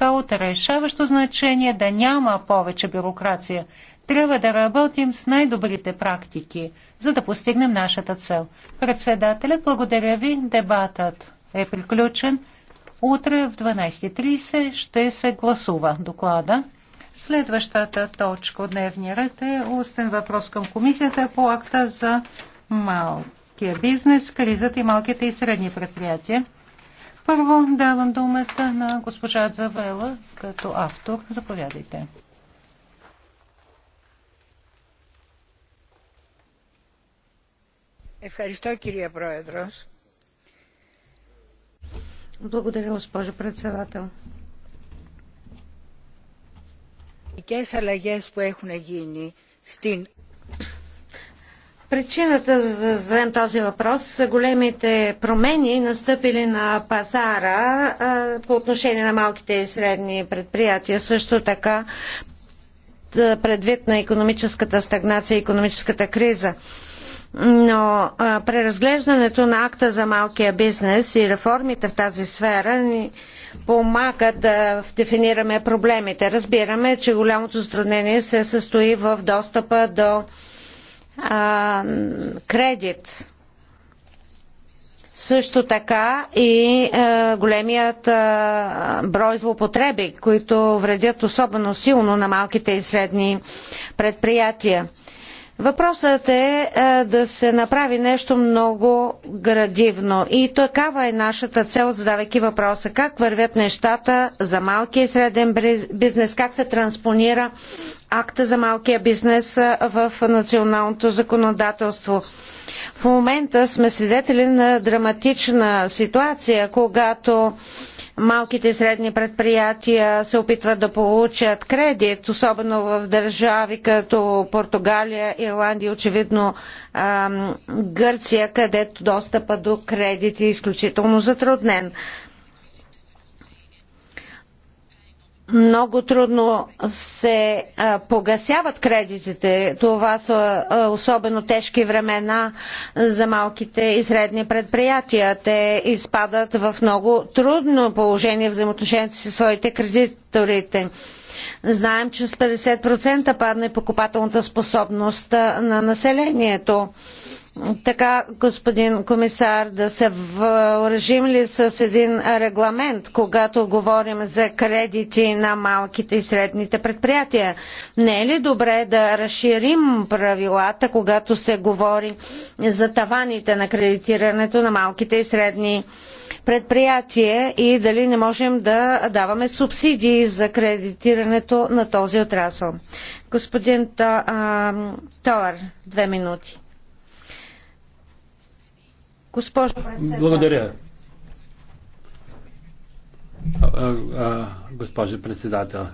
така от решаващо значение да няма повече бюрокрация. Трябва да работим с най-добрите практики, за да постигнем нашата цел. Председателят, благодаря ви. Дебатът е приключен. Утре в 12.30 ще се гласува доклада. Следващата точка от дневния ред е устен въпрос към комисията по акта за малкия бизнес, кризата и малките и средни предприятия. Първо давам думата на госпожа Завела като автор. Заповядайте. Благодаря, госпожа председател. Οι αλλαγές που έχουν γίνει στην Причината за да зададем този въпрос са големите промени, настъпили на пазара по отношение на малките и средни предприятия. Също така предвид на економическата стагнация и економическата криза. Но а, преразглеждането на акта за малкия бизнес и реформите в тази сфера ни помагат да дефинираме проблемите. Разбираме, че голямото затруднение се състои в достъпа до а, кредит. Също така и а, големият а, брой злоупотреби, които вредят особено силно на малките и средни предприятия. Въпросът е, е да се направи нещо много градивно. И такава е нашата цел, задавайки въпроса как вървят нещата за малкия и среден бизнес, как се транспонира акта за малкия бизнес е, в националното законодателство. В момента сме свидетели на драматична ситуация, когато малките и средни предприятия се опитват да получат кредит, особено в държави като Португалия, Ирландия, очевидно Гърция, където достъпа до кредит е изключително затруднен. много трудно се погасяват кредитите. Това са особено тежки времена за малките и средни предприятия. Те изпадат в много трудно положение в си с своите кредиторите. Знаем, че с 50% падне покупателната способност на населението така, господин комисар, да се въоръжим ли с един регламент, когато говорим за кредити на малките и средните предприятия? Не е ли добре да разширим правилата, когато се говори за таваните на кредитирането на малките и средни предприятия и дали не можем да даваме субсидии за кредитирането на този отрасъл? Господин Товар, две минути. Госпожо председател. Благодаря. Госпожо председател.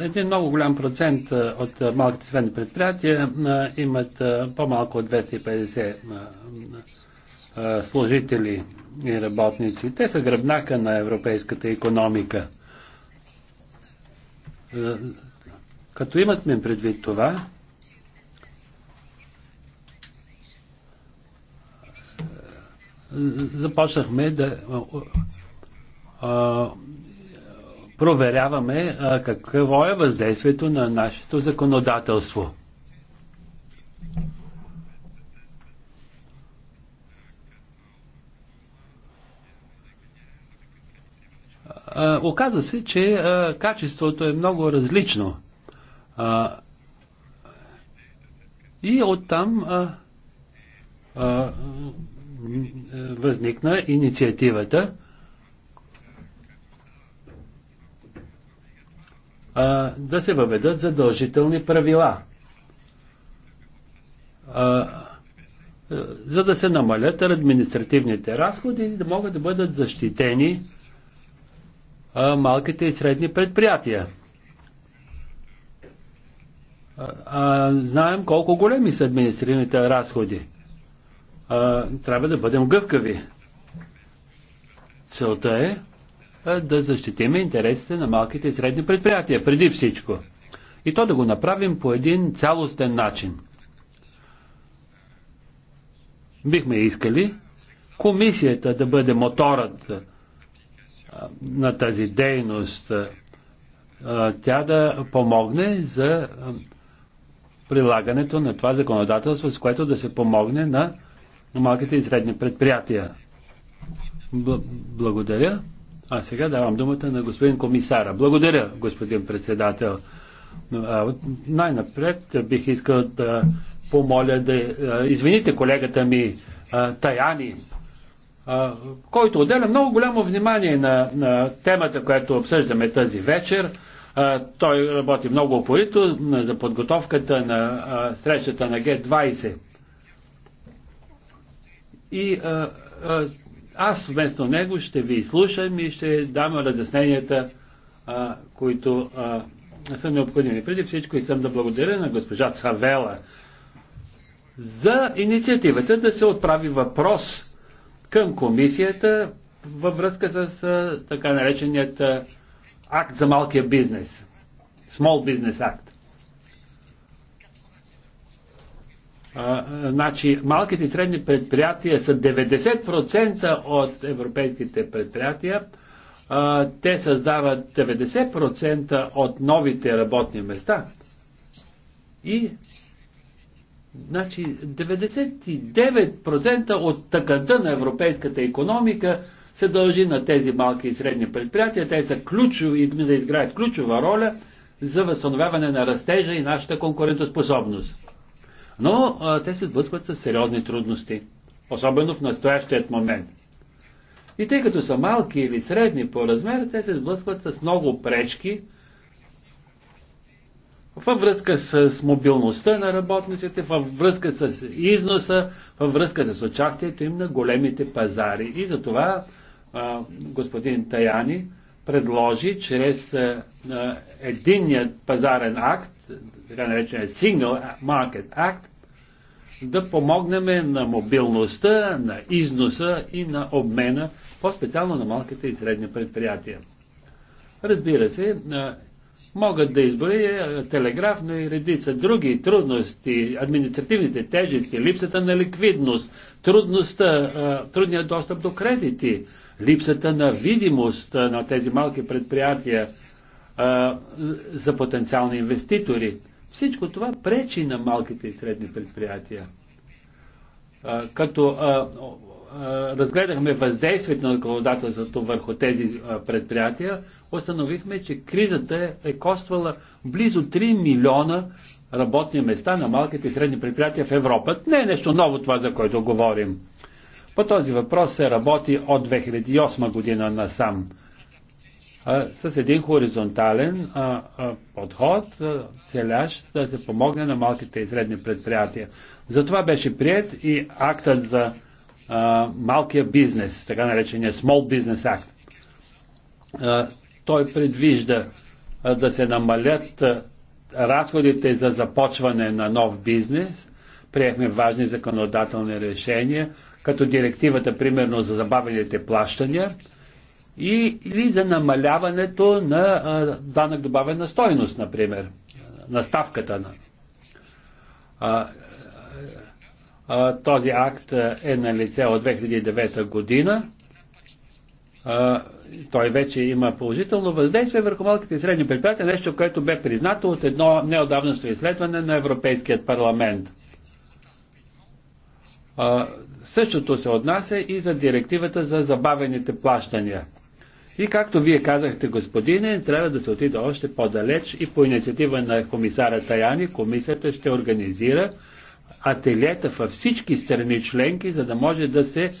Един много голям процент от малките средни предприятия имат по-малко от 250 служители и работници. Те са гръбнака на европейската економика. Като имат ми предвид това, започнахме да а, проверяваме а, какво е въздействието на нашето законодателство. А, оказа се, че а, качеството е много различно. А, и оттам а, а, възникна инициативата да се въведат задължителни правила, за да се намалят административните разходи и да могат да бъдат защитени малките и средни предприятия. а, знаем колко големи са административните разходи а, трябва да бъдем гъвкави. Целта е а, да защитим интересите на малките и средни предприятия, преди всичко. И то да го направим по един цялостен начин. Бихме искали комисията да бъде моторът а, на тази дейност, а, тя да помогне за прилагането на това законодателство, с което да се помогне на на малките и средни предприятия. Бл- благодаря. А сега давам думата на господин комисара. Благодаря, господин председател. Най-напред бих искал да помоля да извините колегата ми Таяни, който отделя много голямо внимание на, на темата, която обсъждаме тази вечер. Той работи много опорито за подготовката на срещата на Г-20. И а, а, аз вместо него ще ви слушам и ще дам разясненията, а, които а, са необходими. Преди всичко искам да благодаря на госпожа Савела за инициативата да се отправи въпрос към комисията във връзка с а, така нареченият акт за малкия бизнес. Small Business Act. значи, малките и средни предприятия са 90% от европейските предприятия. А, те създават 90% от новите работни места. И Значи 99% от тъканта на европейската економика се дължи на тези малки и средни предприятия. Те са ключови да изграят ключова роля за възстановяване на растежа и нашата конкурентоспособност. Но а, те се сблъскват с сериозни трудности, особено в настоящият момент. И тъй като са малки или средни по размер, те се сблъскват с много пречки във връзка с мобилността на работниците, във връзка с износа, във връзка с участието им на големите пазари. И затова а, господин Таяни предложи чрез а, единният пазарен акт така наречения Signal Market Act, да помогнем на мобилността, на износа и на обмена, по-специално на малките и средни предприятия. Разбира се, могат да изборя е, телеграфно и редица други трудности, административните тежести, липсата на ликвидност, трудността, трудният достъп до кредити, липсата на видимост на тези малки предприятия – за потенциални инвеститори. Всичко това пречи на малките и средни предприятия. Като разгледахме въздействието на законодателството върху тези предприятия, установихме, че кризата е, е коствала близо 3 милиона работни места на малките и средни предприятия в Европа. Не е нещо ново това, за което говорим. По този въпрос се работи от 2008 година насам с един хоризонтален подход, целящ да се помогне на малките и средни предприятия. Затова беше прият и актът за малкия бизнес, така наречения Small Business Act. Той предвижда да се намалят разходите за започване на нов бизнес. Приехме важни законодателни решения, като директивата, примерно, за забавените плащания – и, или за намаляването на а, данък добавена стойност, например, на ставката на. А, а, този акт е на лице от 2009 година. А, той вече има положително въздействие върху малките и средни предприятия, нещо, което бе признато от едно неодавнащо изследване на Европейският парламент. А, същото се отнася и за директивата за забавените плащания. И както вие казахте, господине, трябва да се отида още по-далеч и по инициатива на комисара Таяни, комисията ще организира ателиета във всички страни членки, за да може да се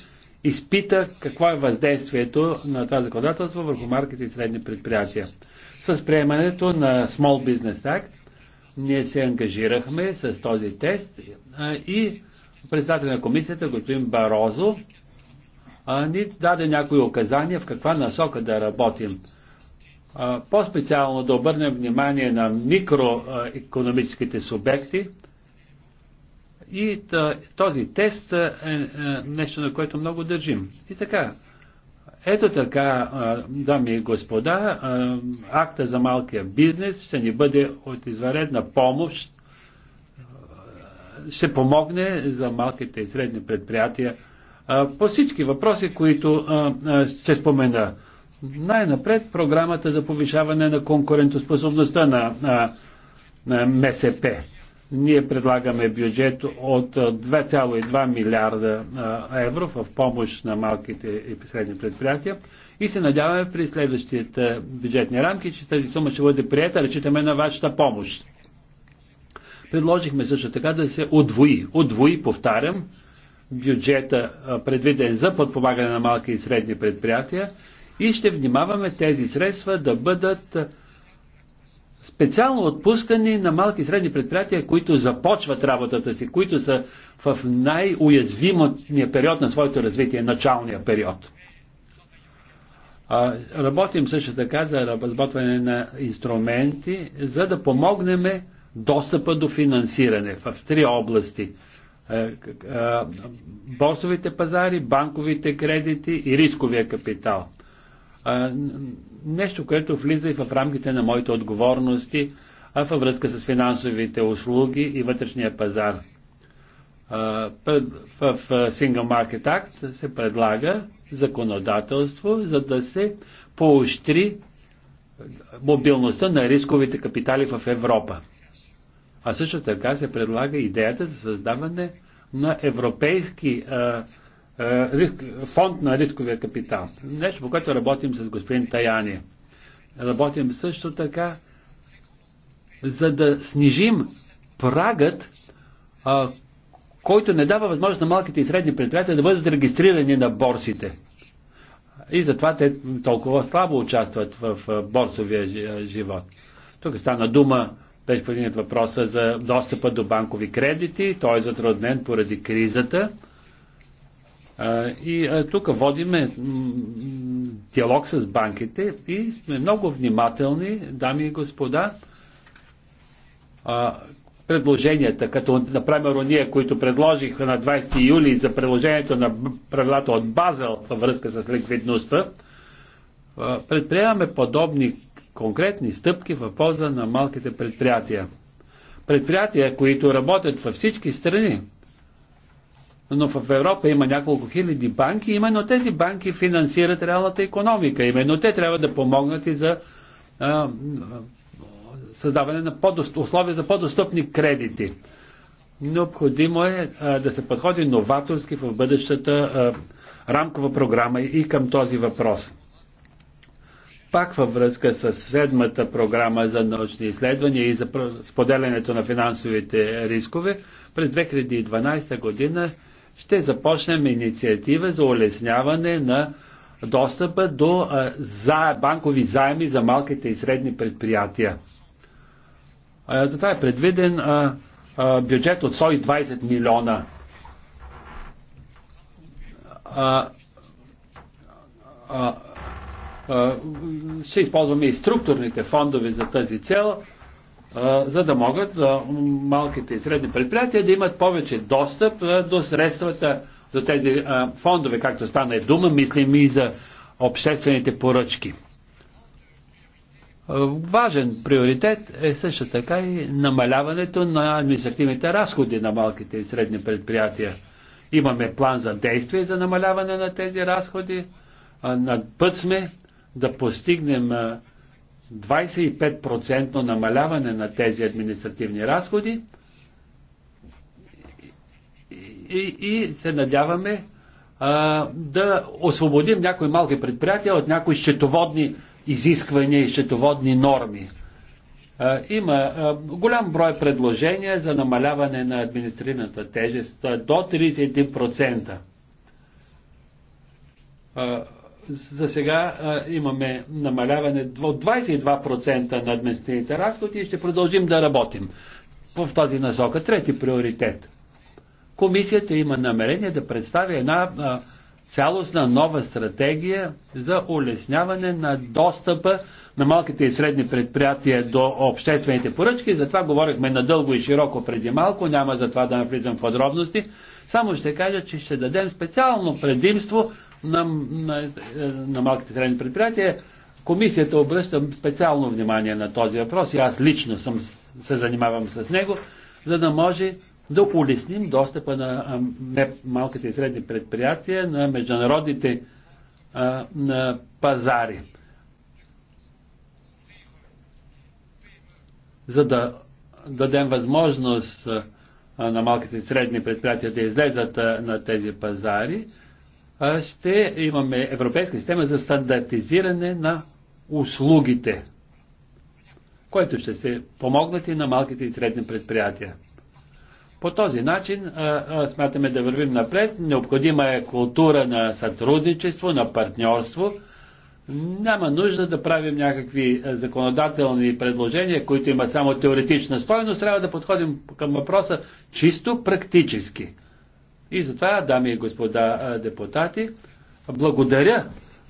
изпита какво е въздействието на това законодателство върху марките и средни предприятия. С приемането на Small Business Act ние се ангажирахме с този тест и председател на комисията господин Барозо а, ни даде някои указания в каква насока да работим. По-специално да обърнем внимание на микроекономическите субекти. И този тест е, е нещо, на което много държим. И така, ето така, дами и господа, акта за малкия бизнес ще ни бъде от изваредна помощ, ще помогне за малките и средни предприятия по всички въпроси, които ще спомена. Най-напред програмата за повишаване на конкурентоспособността на, на, на МСП. Ние предлагаме бюджет от 2,2 милиарда евро в помощ на малките и средни предприятия и се надяваме при следващите бюджетни рамки, че тази сума ще бъде приета, речитаме на вашата помощ. Предложихме също така да се отвои, отвои, повтарям, бюджета, предвиден за подпомагане на малки и средни предприятия и ще внимаваме тези средства да бъдат специално отпускани на малки и средни предприятия, които започват работата си, които са в най уязвимотния период на своето развитие, началния период. работим също така за разработване на инструменти, за да помогнем достъпа до финансиране в три области е, е, борсовите пазари, банковите кредити и рисковия капитал. Е, нещо, което влиза и в рамките на моите отговорности във връзка с финансовите услуги и вътрешния пазар. В Single Market Act се предлага законодателство, за да се поощри мобилността на рисковите капитали в Европа. А също така се предлага идеята за създаване на европейски а, а, риск, фонд на рисковия капитал. Нещо, по което работим с господин Таяни. Работим също така, за да снижим прагът, а, който не дава възможност на малките и средни предприятия да бъдат регистрирани на борсите. И затова те толкова слабо участват в борсовия живот. Тук стана дума беше повинят въпроса за достъпа до банкови кредити. Той е затруднен поради кризата. И тук водиме диалог с банките и сме много внимателни, дами и господа, предложенията, като, например, ние, които предложих на 20 юли за предложението на правилата от Базел във връзка с ликвидността, предприемаме подобни конкретни стъпки в полза на малките предприятия. Предприятия, които работят във всички страни, но в Европа има няколко хиляди банки, именно тези банки финансират реалната економика. Именно те трябва да помогнат и за а, създаване на условия за по-достъпни кредити. Необходимо е а, да се подходи новаторски в бъдещата а, рамкова програма и към този въпрос пак във връзка с седмата програма за научни изследвания и за споделянето на финансовите рискове, през 2012 година ще започнем инициатива за улесняване на достъпа до за банкови заеми за малките и средни предприятия. Затова е предвиден бюджет от 120 милиона. А, а, ще използваме и структурните фондове за тази цел, за да могат малките и средни предприятия да имат повече достъп до средствата, до тези фондове, както стана и дума, мислим и за обществените поръчки. Важен приоритет е също така и намаляването на административните разходи на малките и средни предприятия. Имаме план за действие за намаляване на тези разходи. На път сме да постигнем 25% намаляване на тези административни разходи и, и се надяваме а, да освободим някои малки предприятия от някои счетоводни изисквания и счетоводни норми. А, има а, голям брой предложения за намаляване на административната тежест до 31%. За сега а, имаме намаляване от 22% на административните разходи и ще продължим да работим в тази насока. Трети приоритет. Комисията има намерение да представи една а, цялостна нова стратегия за улесняване на достъпа на малките и средни предприятия до обществените поръчки. За това говорихме надълго и широко преди малко, няма за това да навлизам в подробности. Само ще кажа, че ще дадем специално предимство на, на, на малките средни предприятия. Комисията обръща специално внимание на този въпрос и аз лично съм, се занимавам с него, за да може да улесним достъпа на малките и средни предприятия на международните а, на пазари. За да дадем възможност на малките и средни предприятия да излезат на тези пазари, ще имаме европейска система за стандартизиране на услугите, които ще се помогнат и на малките и средни предприятия. По този начин смятаме да вървим напред. Необходима е култура на сътрудничество, на партньорство. Няма нужда да правим някакви законодателни предложения, които има само теоретична стойност. Трябва да подходим към въпроса чисто практически. И затова, дами и господа депутати, благодаря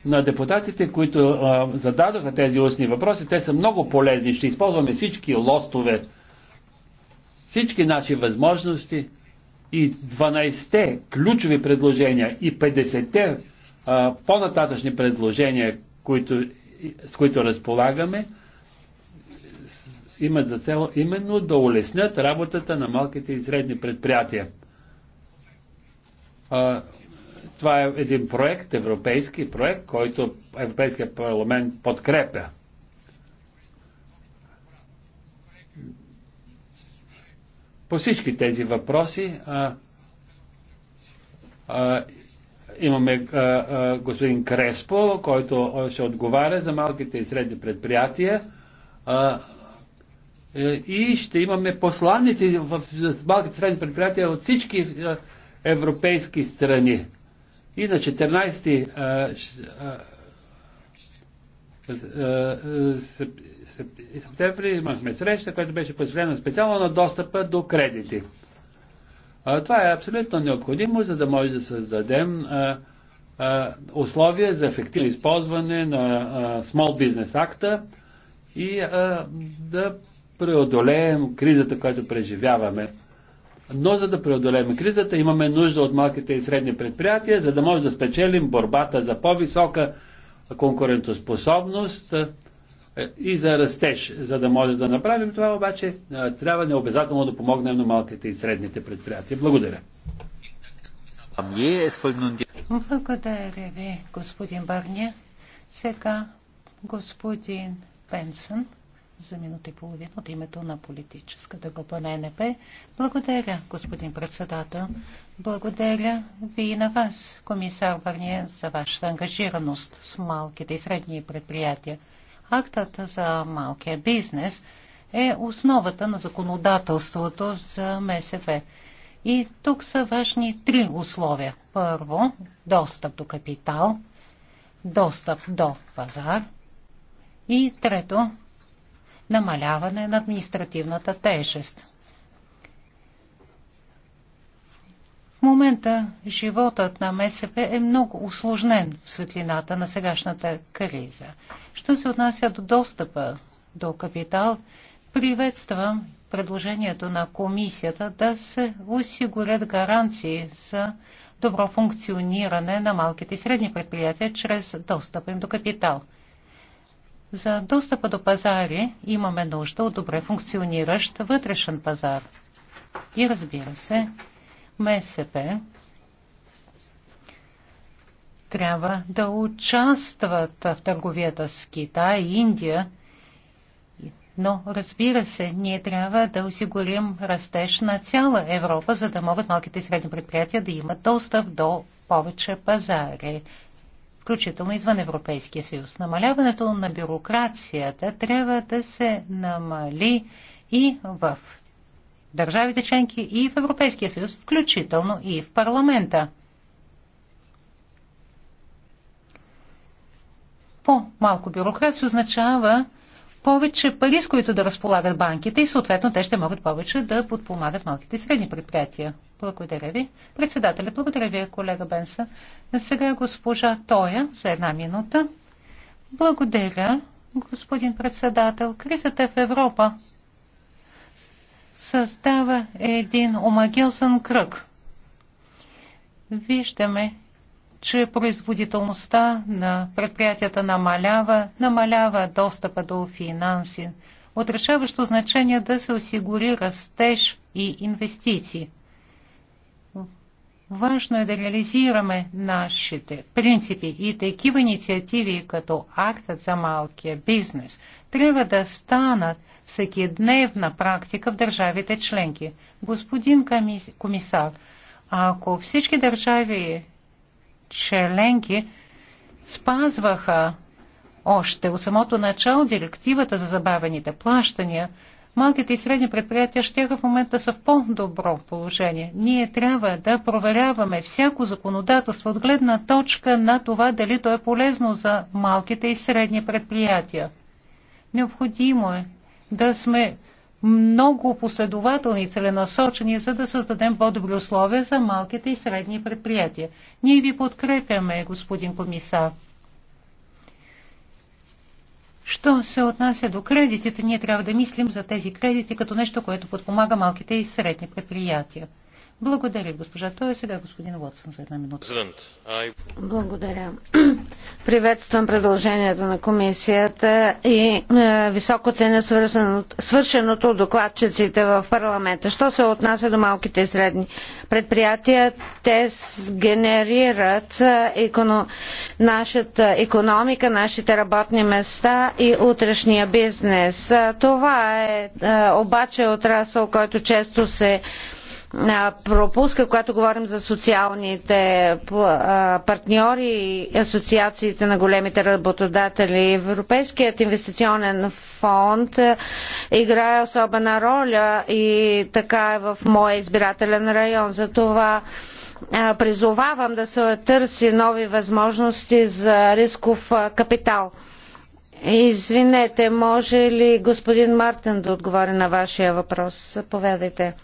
на депутатите, които а, зададоха тези устни въпроси. Те са много полезни. Ще използваме всички лостове, всички наши възможности и 12-те ключови предложения и 50-те по-нататъчни предложения, които, с които разполагаме, имат за цел именно да улеснят работата на малките и средни предприятия. А, това е един проект, европейски проект, който Европейския парламент подкрепя. По всички тези въпроси а, а, имаме а, а, господин Креспо, който ще отговаря за малките и средни предприятия. А, е, и ще имаме посланици в малките и средни предприятия от всички европейски страни. И на 14 септември имахме среща, която беше посвятена специално на достъпа до кредити. Това е абсолютно необходимо, за да може да създадем условия за ефективно използване на Small Business акта и да преодолеем кризата, която преживяваме. Но за да преодолеем кризата, имаме нужда от малките и средни предприятия, за да може да спечелим борбата за по-висока конкурентоспособност е, и за растеж. За да може да направим това, обаче е, трябва необязателно да помогнем на малките и средните предприятия. Благодаря. Благодаря ви, господин Барня. Сега господин Пенсън за минута и половина от името на политическата група на НП. Благодаря, господин председател. Благодаря ви и на вас, комисар Барния, за вашата ангажираност с малките и средни предприятия. Актът за малкия бизнес е основата на законодателството за МСП. И тук са важни три условия. Първо, достъп до капитал, достъп до пазар и трето, намаляване на административната тежест. В момента животът на МСП е много усложнен в светлината на сегашната криза. Що се отнася до достъпа до капитал, приветствам предложението на комисията да се осигурят гаранции за добро функциониране на малките и средни предприятия чрез достъп им до капитал – за достъпа до пазари имаме нужда от добре функциониращ вътрешен пазар. И разбира се, МСП трябва да участват в търговията с Китай и Индия, но разбира се, ние трябва да осигурим растеж на цяла Европа, за да могат малките и средни предприятия да имат достъп до повече пазари включително извън Европейския съюз. Намаляването на бюрокрацията трябва да се намали и в държавите членки, и в Европейския съюз, включително и в парламента. По-малко бюрокрация означава повече пари, с които да разполагат банките и съответно те ще могат повече да подпомагат малките и средни предприятия. Благодаря ви. Председателя, благодаря ви, колега Бенса. Сега госпожа Тоя за една минута. Благодаря, господин председател. Кризата в Европа създава един омагилсен кръг. Виждаме, че производителността на предприятията намалява, намалява достъпа до финанси. отрешаващо значение да се осигури растеж и инвестиции. Важно е да реализираме нашите принципи и такива инициативи, като актът за малкия бизнес, трябва да станат всекидневна практика в държавите членки. Господин комисар, ако всички държави членки спазваха още от самото начало директивата за забавените плащания, малките и средни предприятия ще в момента са в по-добро положение. Ние трябва да проверяваме всяко законодателство от гледна точка на това дали то е полезно за малките и средни предприятия. Необходимо е да сме много последователни и целенасочени, за да създадем по-добри условия за малките и средни предприятия. Ние ви подкрепяме, господин комисар. Що се отнася до кредитите, ние трябва да мислим за тези кредити като нещо, което подпомага малките и средни предприятия. Благодаря, госпожа. Той е сега господин Уотсън за една минута. Благодаря. Приветствам предложението на комисията и е, високо ценя свършеното от докладчиците в парламента. Що се отнася до малките и средни предприятия, те генерират економ... нашата економика, нашите работни места и утрешния бизнес. Е, това е, е обаче отрасъл, който често се пропуска, когато говорим за социалните партньори и асоциациите на големите работодатели. Европейският инвестиционен фонд е, играе особена роля и така е в моя избирателен район. За това призовавам да се търси нови възможности за рисков капитал. Извинете, може ли господин Мартин да отговори на вашия въпрос? Заповядайте.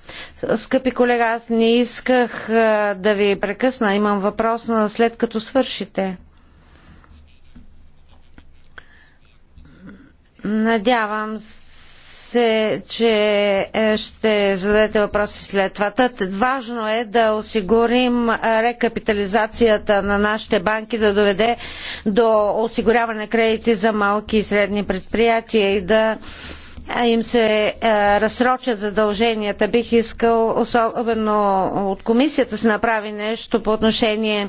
Скъпи колега, аз не исках да ви прекъсна. Имам въпрос на след като свършите. Надявам се, се, че е, ще зададете въпроси след това. Тът, важно е да осигурим е, рекапитализацията на нашите банки да доведе до осигуряване на кредити за малки и средни предприятия и да е, им се разсрочат задълженията. Бих искал, особено от комисията, се направи нещо по отношение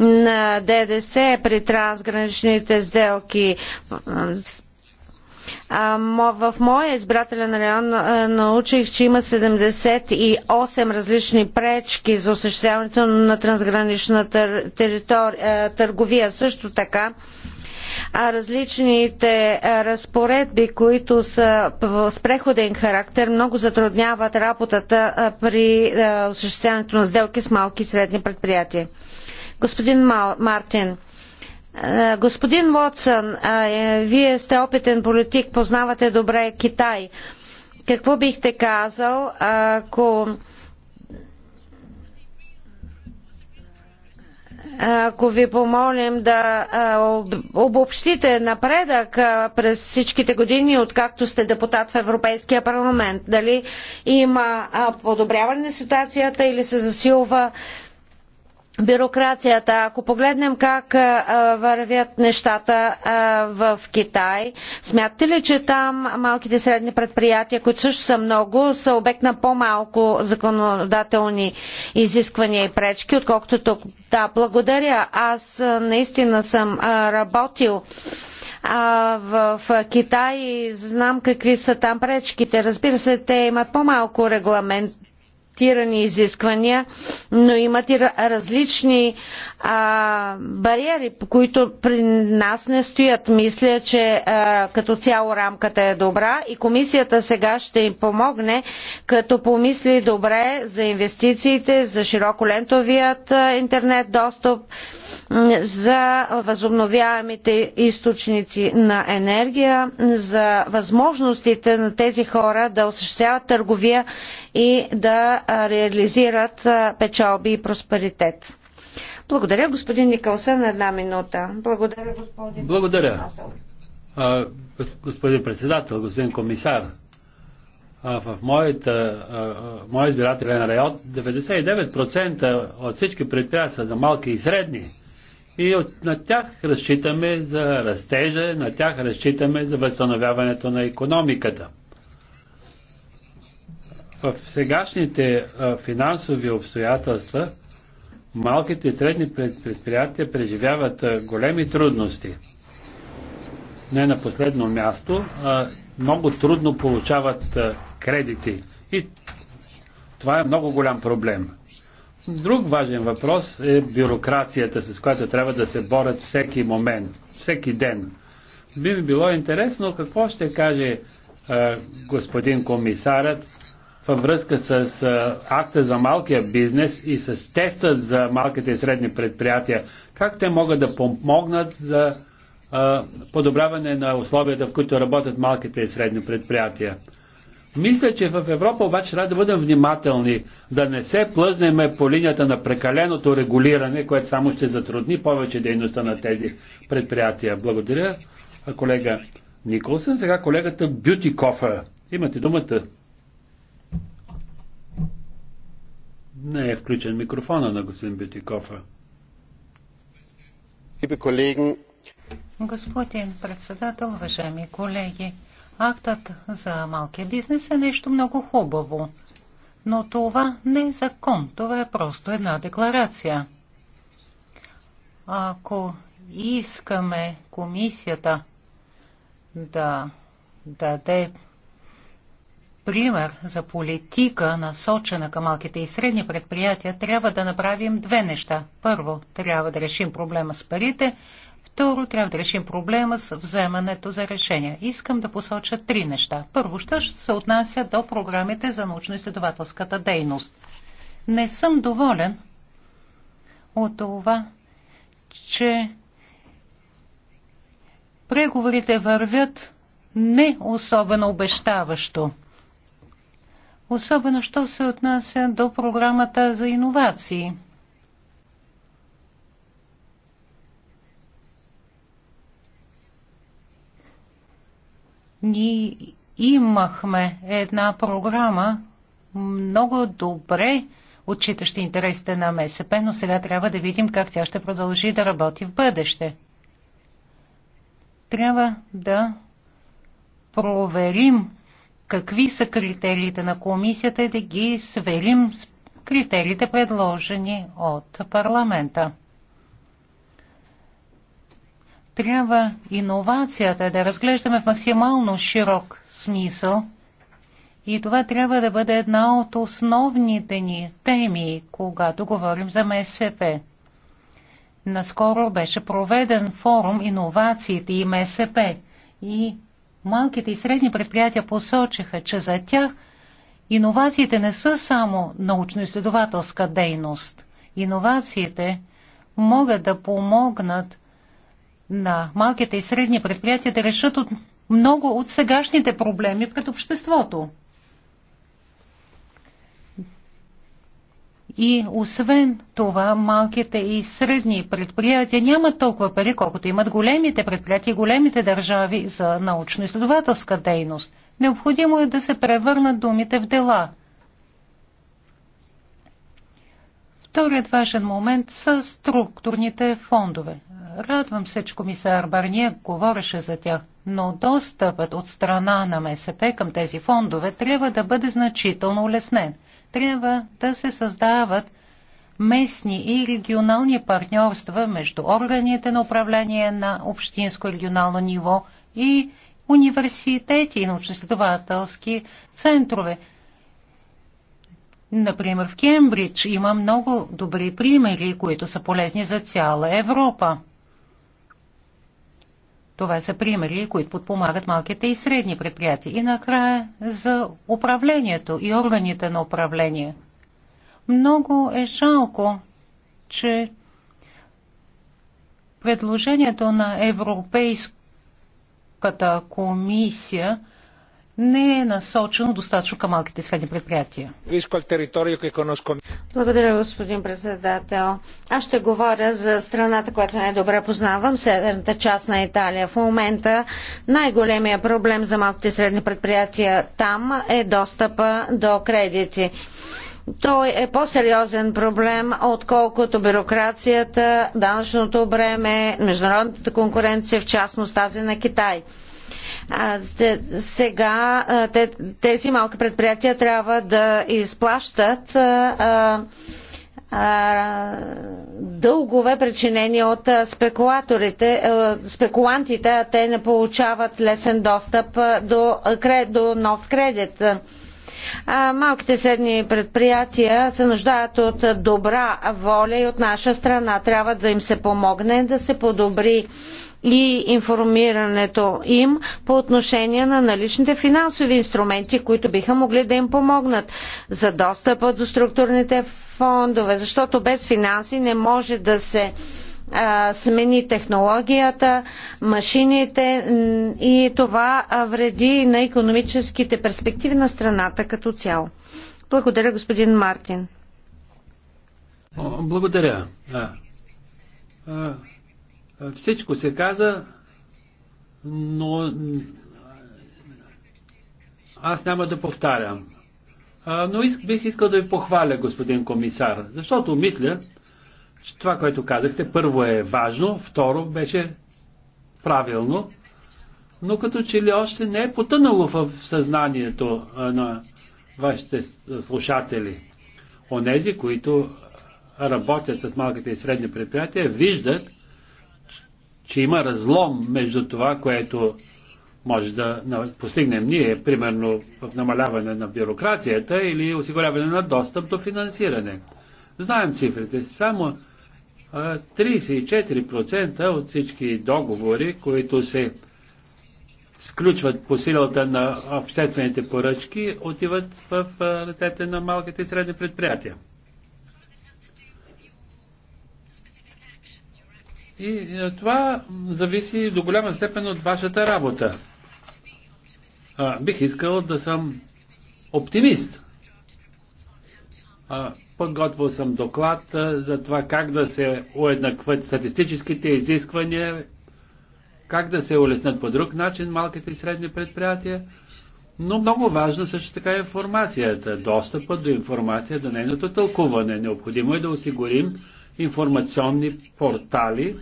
на ДДС при трансграничните сделки в моя избирателен район научих, че има 78 различни пречки за осъществяването на трансгранична търговия. Също така а различните разпоредби, които са с преходен характер, много затрудняват работата при осъществяването на сделки с малки и средни предприятия. Господин Мартин, е, господин Уотсън, е, вие сте опитен политик, познавате добре Китай. Какво бихте казал, ако ако ви помолим да обобщите напредък през всичките години, откакто сте депутат в Европейския парламент. Дали има подобряване на ситуацията или се засилва бюрокрацията. Ако погледнем как вървят нещата в Китай, смятате ли, че там малките и средни предприятия, които също са много, са обект на по-малко законодателни изисквания и пречки, отколкото тук? Да, благодаря. Аз наистина съм работил в Китай и знам какви са там пречките. Разбира се, те имат по-малко регламент адаптирани изисквания, но имат и различни а, бариери, които при нас не стоят. Мисля, че а, като цяло рамката е добра и комисията сега ще им помогне, като помисли добре за инвестициите, за широколентовият интернет достъп, за възобновяемите източници на енергия, за възможностите на тези хора да осъществяват търговия и да реализират печалби и просперитет. Благодаря, господин Николсън, една минута. Благодаря, господин Благодаря. А, господин председател, господин комисар, а, в моята, а, моя избирателен район 99% от всички предприятия са за малки и средни. И от, на тях разчитаме за растежа, на тях разчитаме за възстановяването на економиката. В сегашните финансови обстоятелства малките и средни предприятия преживяват големи трудности. Не на последно място, много трудно получават кредити. И това е много голям проблем. Друг важен въпрос е бюрокрацията, с която трябва да се борят всеки момент, всеки ден. Би ми било интересно какво ще каже господин комисарът във връзка с акта за малкия бизнес и с теста за малките и средни предприятия, как те могат да помогнат за подобряване на условията, в които работят малките и средни предприятия. Мисля, че в Европа обаче трябва да бъдем внимателни, да не се плъзнеме по линията на прекаленото регулиране, което само ще затрудни повече дейността на тези предприятия. Благодаря, колега Николсън. Сега колегата Бютикофа. Имате думата. Не е включен микрофона на господин Бетикофа. Господин председател, уважаеми колеги, актът за малкия бизнес е нещо много хубаво. Но това не е закон, това е просто една декларация. Ако искаме комисията да даде пример за политика, насочена към малките и средни предприятия, трябва да направим две неща. Първо, трябва да решим проблема с парите. Второ, трябва да решим проблема с вземането за решения. Искам да посоча три неща. Първо, що ще се отнася до програмите за научно-изследователската дейност. Не съм доволен от това, че преговорите вървят не особено обещаващо особено що се отнася до програмата за иновации. Ние имахме една програма, много добре отчитащи интересите на МСП, но сега трябва да видим как тя ще продължи да работи в бъдеще. Трябва да проверим какви са критериите на комисията и да ги сверим с критериите, предложени от парламента. Трябва иновацията да разглеждаме в максимално широк смисъл и това трябва да бъде една от основните ни теми, когато говорим за МСП. Наскоро беше проведен форум иновациите и МСП и Малките и средни предприятия посочиха, че за тях иновациите не са само научно-изследователска дейност. Иновациите могат да помогнат на малките и средни предприятия да решат от много от сегашните проблеми пред обществото. И освен това, малките и средни предприятия нямат толкова пари, колкото имат големите предприятия и големите държави за научно-изследователска дейност. Необходимо е да се превърнат думите в дела. Вторият важен момент са структурните фондове. Радвам се, че комисар Барния говореше за тях, но достъпът от страна на МСП към тези фондове трябва да бъде значително улеснен – трябва да се създават местни и регионални партньорства между органите на управление на общинско и регионално ниво и университети и научно-изследователски центрове. Например, в Кембридж има много добри примери, които са полезни за цяла Европа. Това са примери, които подпомагат малките и средни предприятия. И накрая за управлението и органите на управление. Много е жалко, че предложението на Европейската комисия не е насочено достатъчно към малките и средни предприятия. Благодаря, господин председател. Аз ще говоря за страната, която най-добре познавам, северната част на Италия. В момента най-големия проблем за малките и средни предприятия там е достъпа до кредити той е по-сериозен проблем, отколкото бюрокрацията, данъчното бреме, международната конкуренция, в частност тази на Китай. Сега тези малки предприятия трябва да изплащат дългове, причинени от спекулаторите, спекулантите, а те не получават лесен достъп до, до нов кредит. Малките средни предприятия се нуждаят от добра воля и от наша страна. Трябва да им се помогне да се подобри и информирането им по отношение на наличните финансови инструменти, които биха могли да им помогнат за достъпа до структурните фондове, защото без финанси не може да се смени технологията, машините и това вреди на економическите перспективи на страната като цяло. Благодаря, господин Мартин. Благодаря. Всичко се каза, но аз няма да повтарям. Но иск, бих искал да ви похваля, господин комисар, защото мисля, че това, което казахте, първо е важно, второ беше правилно, но като че ли още не е потънало в съзнанието на вашите слушатели. Онези, които работят с малките и средни предприятия, виждат, че има разлом между това, което може да постигнем ние, примерно в намаляване на бюрокрацията или осигуряване на достъп до финансиране. Знаем цифрите. Само 34% от всички договори, които се сключват по силата на обществените поръчки, отиват в ръцете на малките и средни предприятия. И е, това зависи до голяма степен от вашата работа. А, бих искал да съм оптимист. А, подготвил съм доклад а, за това как да се уеднакват статистическите изисквания, как да се улеснат по друг начин малките и средни предприятия, но много важна също така е информацията, достъпът до информация, до нейното тълкуване. Необходимо е да осигурим информационни портали,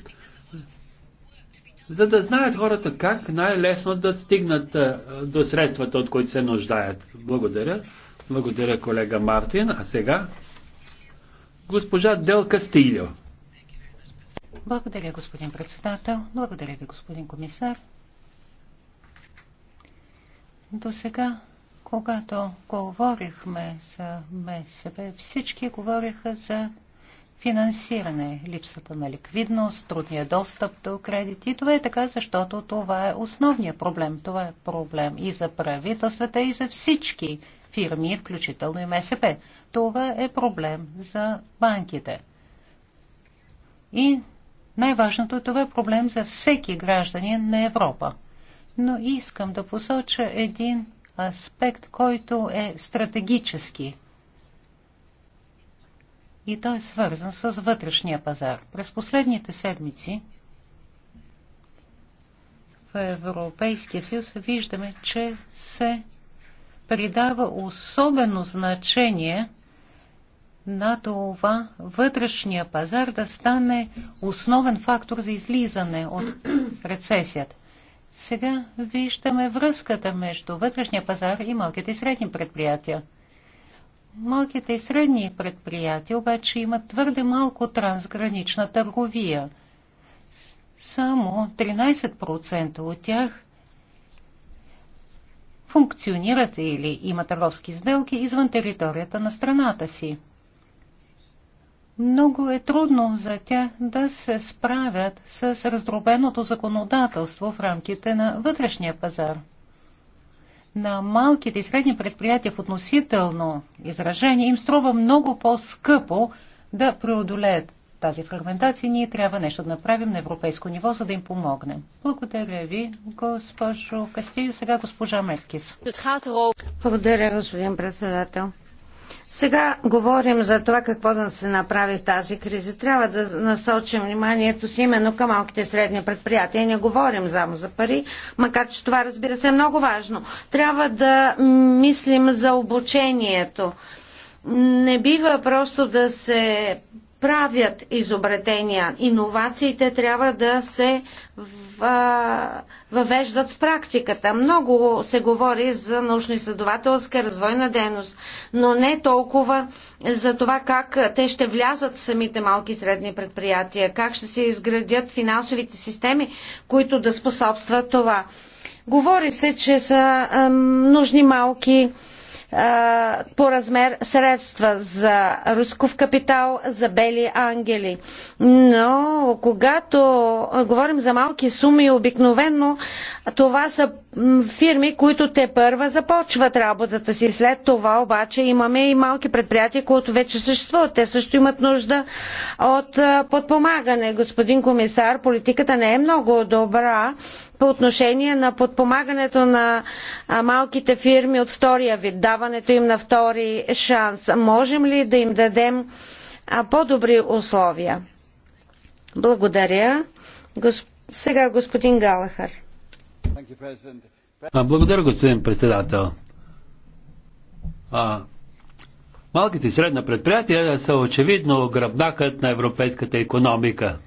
за да знаят хората как най-лесно да стигнат до средствата, от които се нуждаят. Благодаря. Благодаря, колега Мартин. А сега госпожа Дел Кастильо. Благодаря, господин председател. Благодаря ви, господин комисар. До сега, когато говорихме за МСБ, всички говориха за финансиране, липсата на ликвидност, трудния достъп до кредити. Това е така, защото това е основният проблем. Това е проблем и за правителствата, и за всички фирми, включително и МСП. Това е проблем за банките. И най-важното, е, това е проблем за всеки гражданин на Европа. Но искам да посоча един аспект, който е стратегически и той е свързан с вътрешния пазар. През последните седмици в Европейския съюз виждаме, че се придава особено значение на това вътрешния пазар да стане основен фактор за излизане от рецесията. Сега виждаме връзката между вътрешния пазар и малките и средни предприятия. Малките и средни предприятия обаче имат твърде малко трансгранична търговия. Само 13% от тях функционират или имат търговски сделки извън територията на страната си. Много е трудно за тях да се справят с раздробеното законодателство в рамките на вътрешния пазар на малките и средни предприятия в относително изражение им струва много по-скъпо да преодолеят тази фрагментация. Ние трябва нещо да направим на европейско ниво, за да им помогнем. Благодаря ви, госпожо Кастио. Сега госпожа Меркис. Благодаря, господин председател. Сега говорим за това какво да се направи в тази криза. Трябва да насочим вниманието си именно към малките и средни предприятия. Не говорим само за пари, макар че това разбира се е много важно. Трябва да мислим за обучението. Не бива просто да се правят изобретения. Иновациите трябва да се въвеждат в практиката. Много се говори за научно-изследователска развойна дейност, но не толкова за това как те ще влязат в самите малки и средни предприятия, как ще се изградят финансовите системи, които да способстват това. Говори се, че са нужни малки по размер средства за русков капитал, за бели ангели. Но когато говорим за малки суми, обикновено това са фирми, които те първа започват работата си. След това обаче имаме и малки предприятия, които вече съществуват. Те също имат нужда от подпомагане. Господин комисар, политиката не е много добра по отношение на подпомагането на малките фирми от втория вид, даването им на втори шанс. Можем ли да им дадем по-добри условия? Благодаря. Сега господин Галахар. Благодаря, господин председател. А, малките и средна предприятия са очевидно гръбнакът на европейската економика.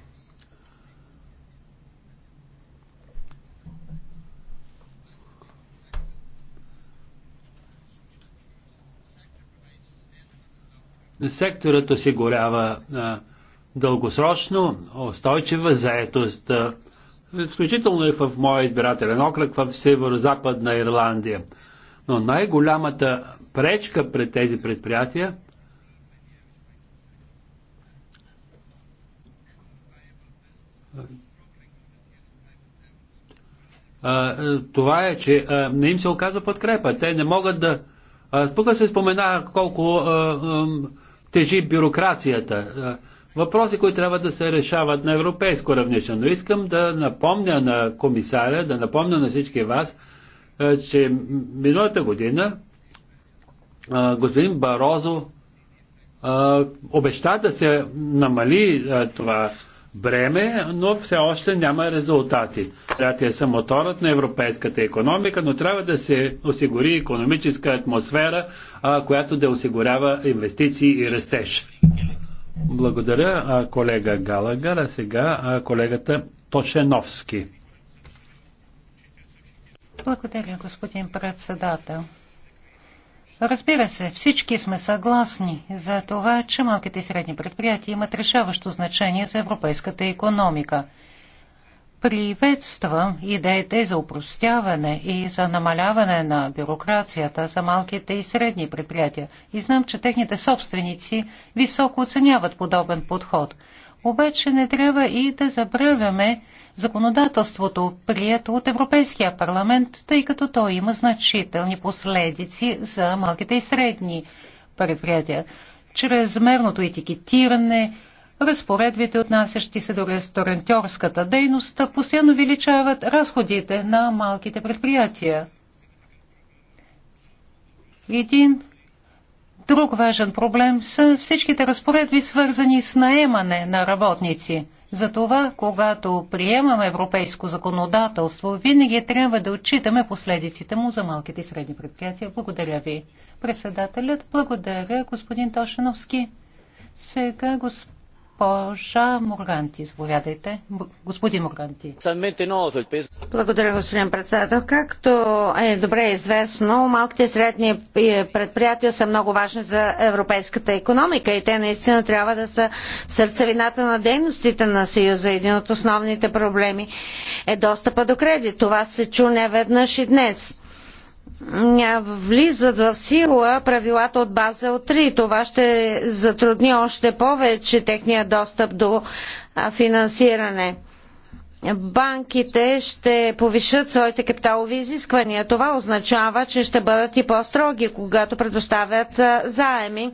Секторът осигурява дългосрочно устойчива заетост, включително и в моя избирателен окръг в северо-западна Ирландия. Но най-голямата пречка пред тези предприятия това е, че не им се оказа подкрепа. Те не могат да. Тук се спомена колко тежи бюрокрацията. Е, въпроси, които трябва да се решават на европейско равнище. Но искам да напомня на комисаря, да напомня на всички вас, е, че миналата година е, господин Барозо обеща да се намали това бреме, но все още няма резултати. Предприятия е са моторът на европейската економика, но трябва да се осигури економическа атмосфера, която да осигурява инвестиции и растеж. Благодаря, колега Галагар, а сега колегата Тошеновски. Благодаря, господин председател. Разбира се, всички сме съгласни за това, че малките и средни предприятия имат решаващо значение за европейската економика. Приветствам идеите за упростяване и за намаляване на бюрокрацията за малките и средни предприятия и знам, че техните собственици високо оценяват подобен подход. Обаче не трябва и да забравяме, законодателството, прието от Европейския парламент, тъй като то има значителни последици за малките и средни предприятия. Чрез мерното етикетиране, разпоредбите, отнасящи се до ресторантьорската дейност, постоянно увеличават разходите на малките предприятия. Един друг важен проблем са всичките разпоредби, свързани с наемане на работници – затова, когато приемаме европейско законодателство, винаги трябва да отчитаме последиците му за малките и средни предприятия. Благодаря ви. Председателят, благодаря господин Тошановски. Сега господин Госпожа Морганти, заповядайте. Господин Морганти. Благодаря, господин председател. Както е добре известно, малките и средни е, предприятия са много важни за европейската економика и те наистина трябва да са сърцевината на дейностите на Съюза. Един от основните проблеми е достъпа до кредит. Това се чу не веднъж и днес влизат в сила правилата от Базел 3. Това ще затрудни още повече техния достъп до финансиране. Банките ще повишат своите капиталови изисквания. Това означава, че ще бъдат и по-строги, когато предоставят заеми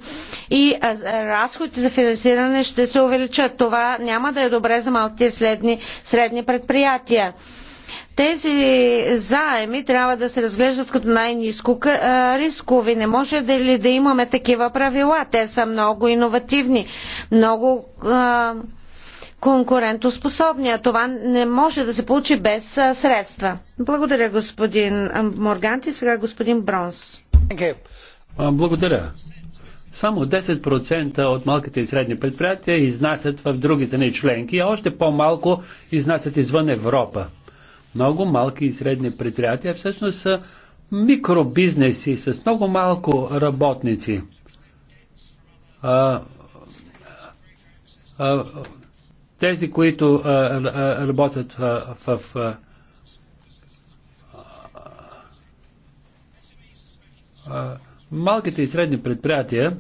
и разходите за финансиране ще се увеличат. Това няма да е добре за малките следни, средни предприятия тези заеми трябва да се разглеждат като най-низко рискови. Не може да ли да имаме такива правила? Те са много иновативни, много а, конкурентоспособни, а това не може да се получи без а, средства. Благодаря, господин Морганти. Сега господин Бронс. Благодаря. Само 10% от малките и средни предприятия изнасят в другите ни членки, а още по-малко изнасят извън Европа. Много малки и средни предприятия всъщност са микробизнеси с много малко работници. А, а, тези, които а, а, работят а, в. А, малките и средни предприятия,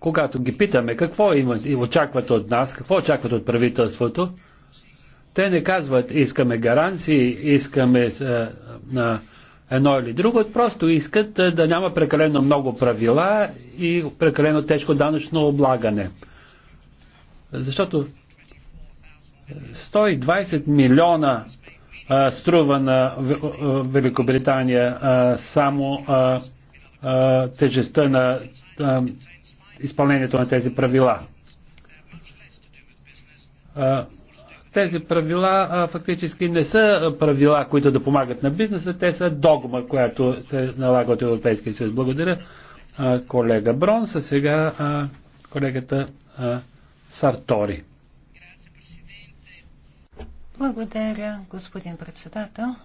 когато ги питаме какво имат и очакват от нас, какво очакват от правителството, те не казват искаме гаранции, искаме а, е, а, е, едно или друго, просто искат а, е, да няма прекалено много правила и прекалено тежко данъчно облагане. Защото 120 милиона а, струва на Великобритания а, само а, а, тежестта на а, изпълнението на тези правила. А, тези правила а, фактически не са правила, които да помагат на бизнеса, те са догма, която се налага от Европейския съюз. Благодаря а, колега Бронс, а сега а, колегата а, Сартори. Благодаря, господин председател.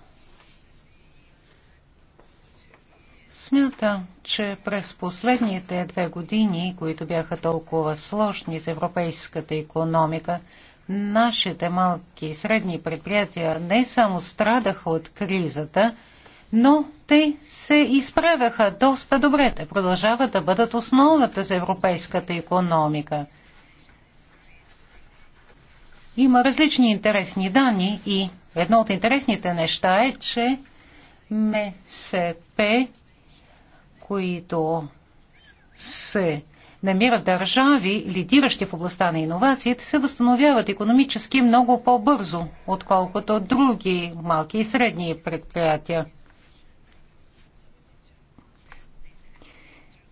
Смятам, че през последните две години, които бяха толкова сложни за европейската економика, Нашите малки и средни предприятия не само страдаха от кризата, но те се изправяха доста добре. Те продължават да бъдат основата за европейската економика. Има различни интересни данни и едно от интересните неща е, че МСП, които се намират държави, лидиращи в областта на иновациите, се възстановяват економически много по-бързо, отколкото други малки и средни предприятия.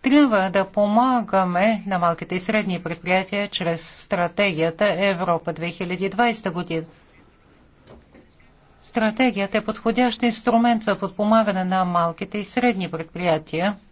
Трябва да помагаме на малките и средни предприятия чрез стратегията Европа 2020 година. Стратегията е подходящ инструмент за подпомагане на малките и средни предприятия –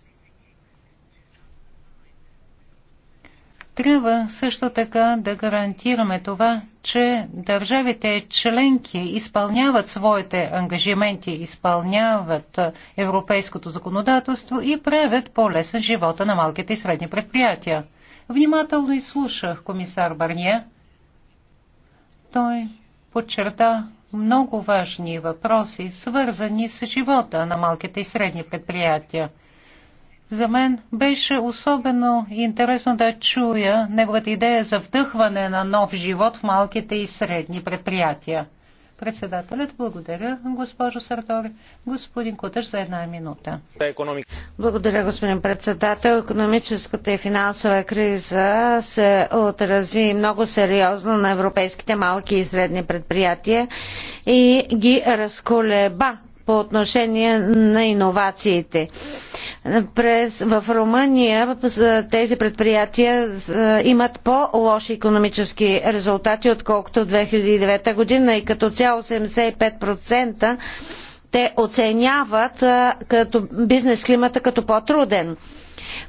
Трябва също така да гарантираме това, че държавите членки изпълняват своите ангажименти, изпълняват европейското законодателство и правят по-лесен живота на малките и средни предприятия. Внимателно изслушах комисар Барния. Той подчерта много важни въпроси, свързани с живота на малките и средни предприятия – за мен беше особено интересно да чуя неговата идея за вдъхване на нов живот в малките и средни предприятия. Председателят, благодаря, госпожо Сартори. Господин Кутъж за една минута. Благодаря, господин председател. Економическата и финансова криза се отрази много сериозно на европейските малки и средни предприятия и ги разколеба по отношение на иновациите. През, в Румъния тези предприятия имат по-лоши економически резултати, отколкото в 2009 година и като цяло 75% те оценяват а, като бизнес климата като по-труден.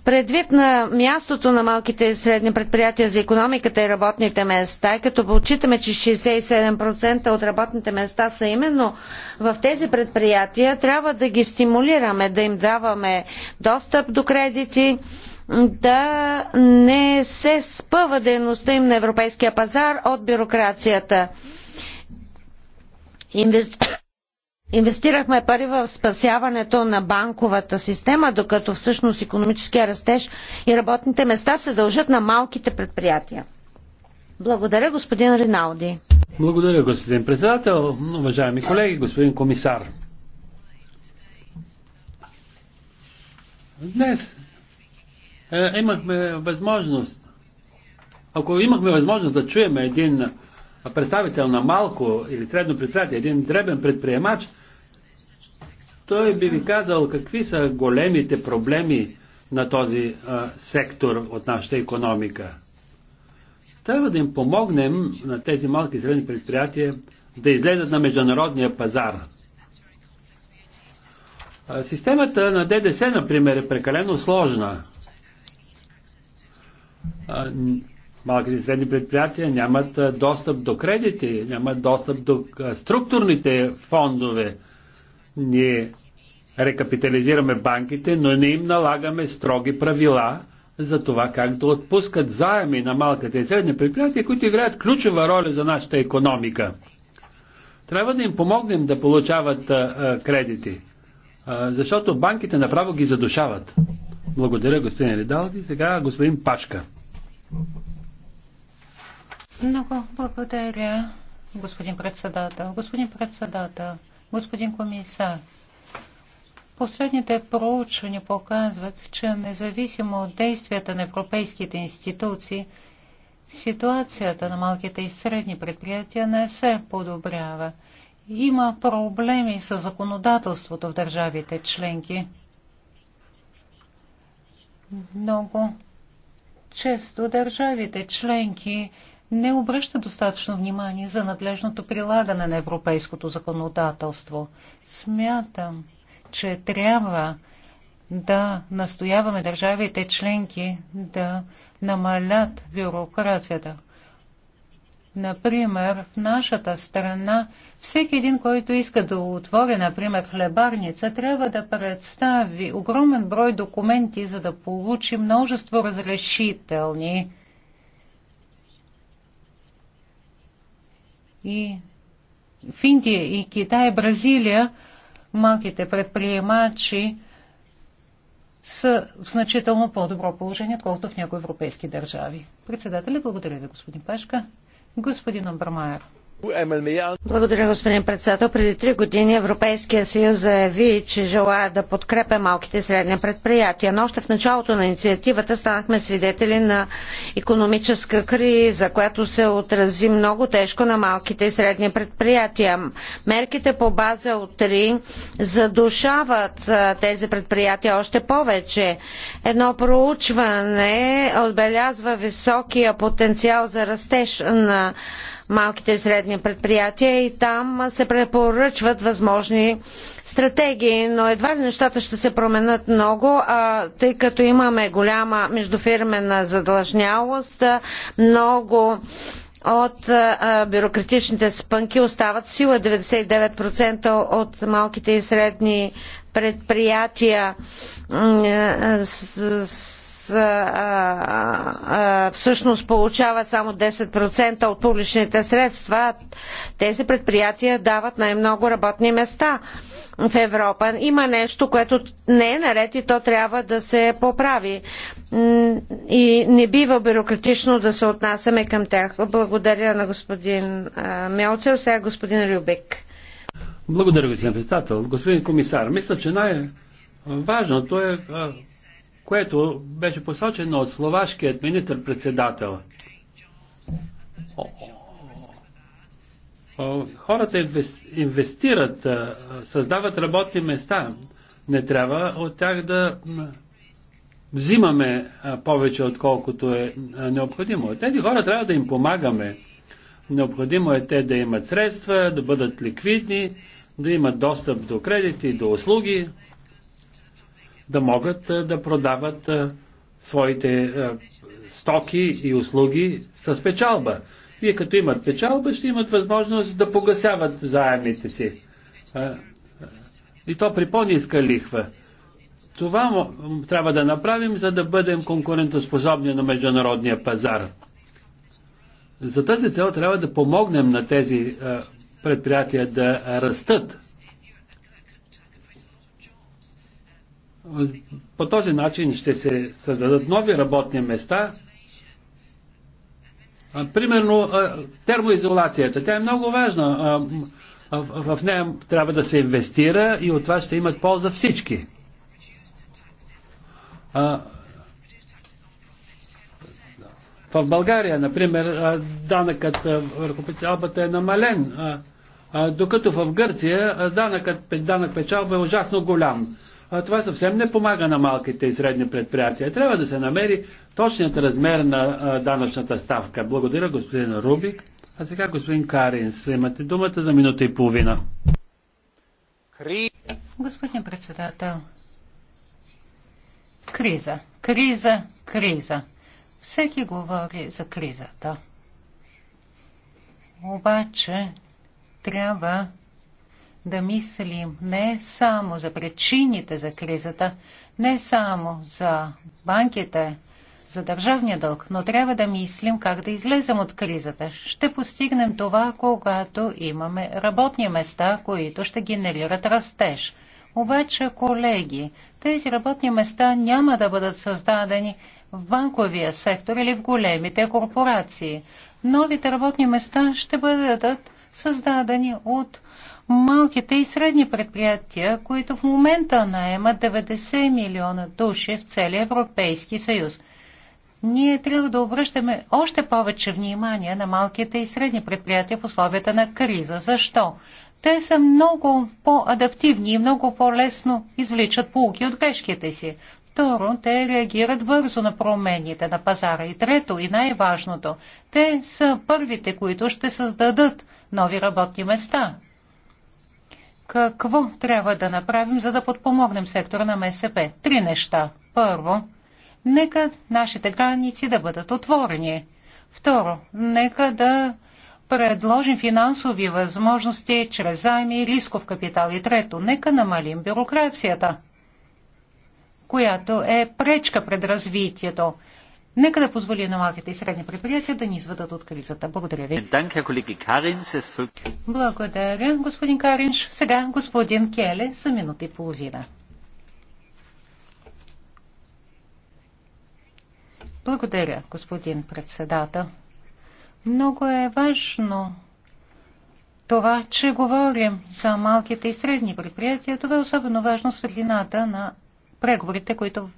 Предвид на мястото на малките и средни предприятия за економиката и работните места, и като отчитаме, че 67% от работните места са именно в тези предприятия, трябва да ги стимулираме, да им даваме достъп до кредити, да не се спъва дейността им на европейския пазар от бюрокрацията. Инвестирахме пари в спасяването на банковата система, докато всъщност економическия растеж и работните места се дължат на малките предприятия. Благодаря, господин Риналди. Благодаря, господин председател, уважаеми колеги, господин комисар. Днес е, имахме възможност, ако имахме възможност да чуем един представител на малко или средно предприятие, един дребен предприемач, той би ви казал какви са големите проблеми на този а, сектор от нашата економика. Трябва да им помогнем на тези малки и средни предприятия да излезат на международния пазар. А, системата на ДДС, например, е прекалено сложна малките и средни предприятия нямат достъп до кредити, нямат достъп до структурните фондове. Ние рекапитализираме банките, но не им налагаме строги правила за това как да отпускат заеми на малките и средни предприятия, които играят ключова роля за нашата економика. Трябва да им помогнем да получават кредити, защото банките направо ги задушават. Благодаря, господин Ридалди. Сега господин Пачка. Много благодаря, господин председател. Господин председател, господин комисар, последните проучвания показват, че независимо от действията на европейските институции, ситуацията на малките и средни предприятия не се подобрява. Има проблеми с законодателството в държавите членки. Много често държавите членки не обръща достатъчно внимание за надлежното прилагане на европейското законодателство. Смятам, че трябва да настояваме държавите членки да намалят бюрокрацията. Например, в нашата страна всеки един, който иска да отвори, например, хлебарница, трябва да представи огромен брой документи, за да получи множество разрешителни и в Индия и Китай, Бразилия, малките предприемачи са в значително по-добро положение, отколкото в някои европейски държави. Председателя, благодаря ви, господин Пашка. Господин Амбрамайер. Благодаря, господин председател. Преди три години Европейския съюз заяви, че желая да подкрепя малките и средни предприятия. Но още в началото на инициативата станахме свидетели на економическа криза, която се отрази много тежко на малките и средни предприятия. Мерките по база от 3 задушават тези предприятия още повече. Едно проучване отбелязва високия потенциал за растеж на малките и средни предприятия и там се препоръчват възможни стратегии, но едва ли нещата ще се променят много, а, тъй като имаме голяма междуфирмена задлъжнялост, много от а, бюрократичните спънки остават сила. 99% от малките и средни предприятия а, с, с всъщност получават само 10% от публичните средства. Тези предприятия дават най-много работни места в Европа. Има нещо, което не е наред и то трябва да се поправи. И не бива бюрократично да се отнасяме към тях. Благодаря на господин Мелцер. Сега господин Рюбик. Благодаря, господин председател. Господин комисар, мисля, че най- Важното е което беше посочено от словашкият министр-председател. Хората инвестират, създават работни места. Не трябва от тях да взимаме повече, отколкото е необходимо. Тези хора трябва да им помагаме. Необходимо е те да имат средства, да бъдат ликвидни, да имат достъп до кредити, до услуги да могат да продават своите стоки и услуги с печалба. Вие като имат печалба, ще имат възможност да погасяват заемите си. И то при по-ниска лихва. Това трябва да направим, за да бъдем конкурентоспособни на международния пазар. За тази цел трябва да помогнем на тези предприятия да растат По този начин ще се създадат нови работни места. Примерно термоизолацията. Тя е много важна. В нея трябва да се инвестира и от това ще имат полза всички. В България, например, данъкът върху печалбата е намален, докато в Гърция данъкът, данък печалба е ужасно голям а това съвсем не помага на малките и средни предприятия. Трябва да се намери точният размер на данъчната ставка. Благодаря, господин Рубик. А сега, господин Каринс, имате думата за минута и половина. Господин председател, криза, криза, криза. Всеки говори за кризата. Обаче трябва да мислим не само за причините за кризата, не само за банките, за държавния дълг, но трябва да мислим как да излезем от кризата. Ще постигнем това, когато имаме работни места, които ще генерират растеж. Обаче, колеги, тези работни места няма да бъдат създадени в банковия сектор или в големите корпорации. Новите работни места ще бъдат създадени от малките и средни предприятия, които в момента наемат 90 милиона души в целия Европейски съюз. Ние трябва да обръщаме още повече внимание на малките и средни предприятия в условията на криза. Защо? Те са много по-адаптивни и много по-лесно извличат полуки от грешките си. Второ, те реагират бързо на промените на пазара. И трето, и най-важното, те са първите, които ще създадат нови работни места. Какво трябва да направим, за да подпомогнем сектора на МСП? Три неща. Първо, нека нашите граници да бъдат отворени. Второ, нека да предложим финансови възможности чрез заеми и рисков капитал. И трето, нека намалим бюрокрацията, която е пречка пред развитието. Нека да позволи на малките и средни предприятия да ни изведат от кризата. Благодаря ви. Благодаря, господин Каринш. Сега господин Келе за минута и половина. Благодаря, господин председател. Много е важно това, че говорим за малките и средни предприятия. Това е особено важно светлината на преговорите, които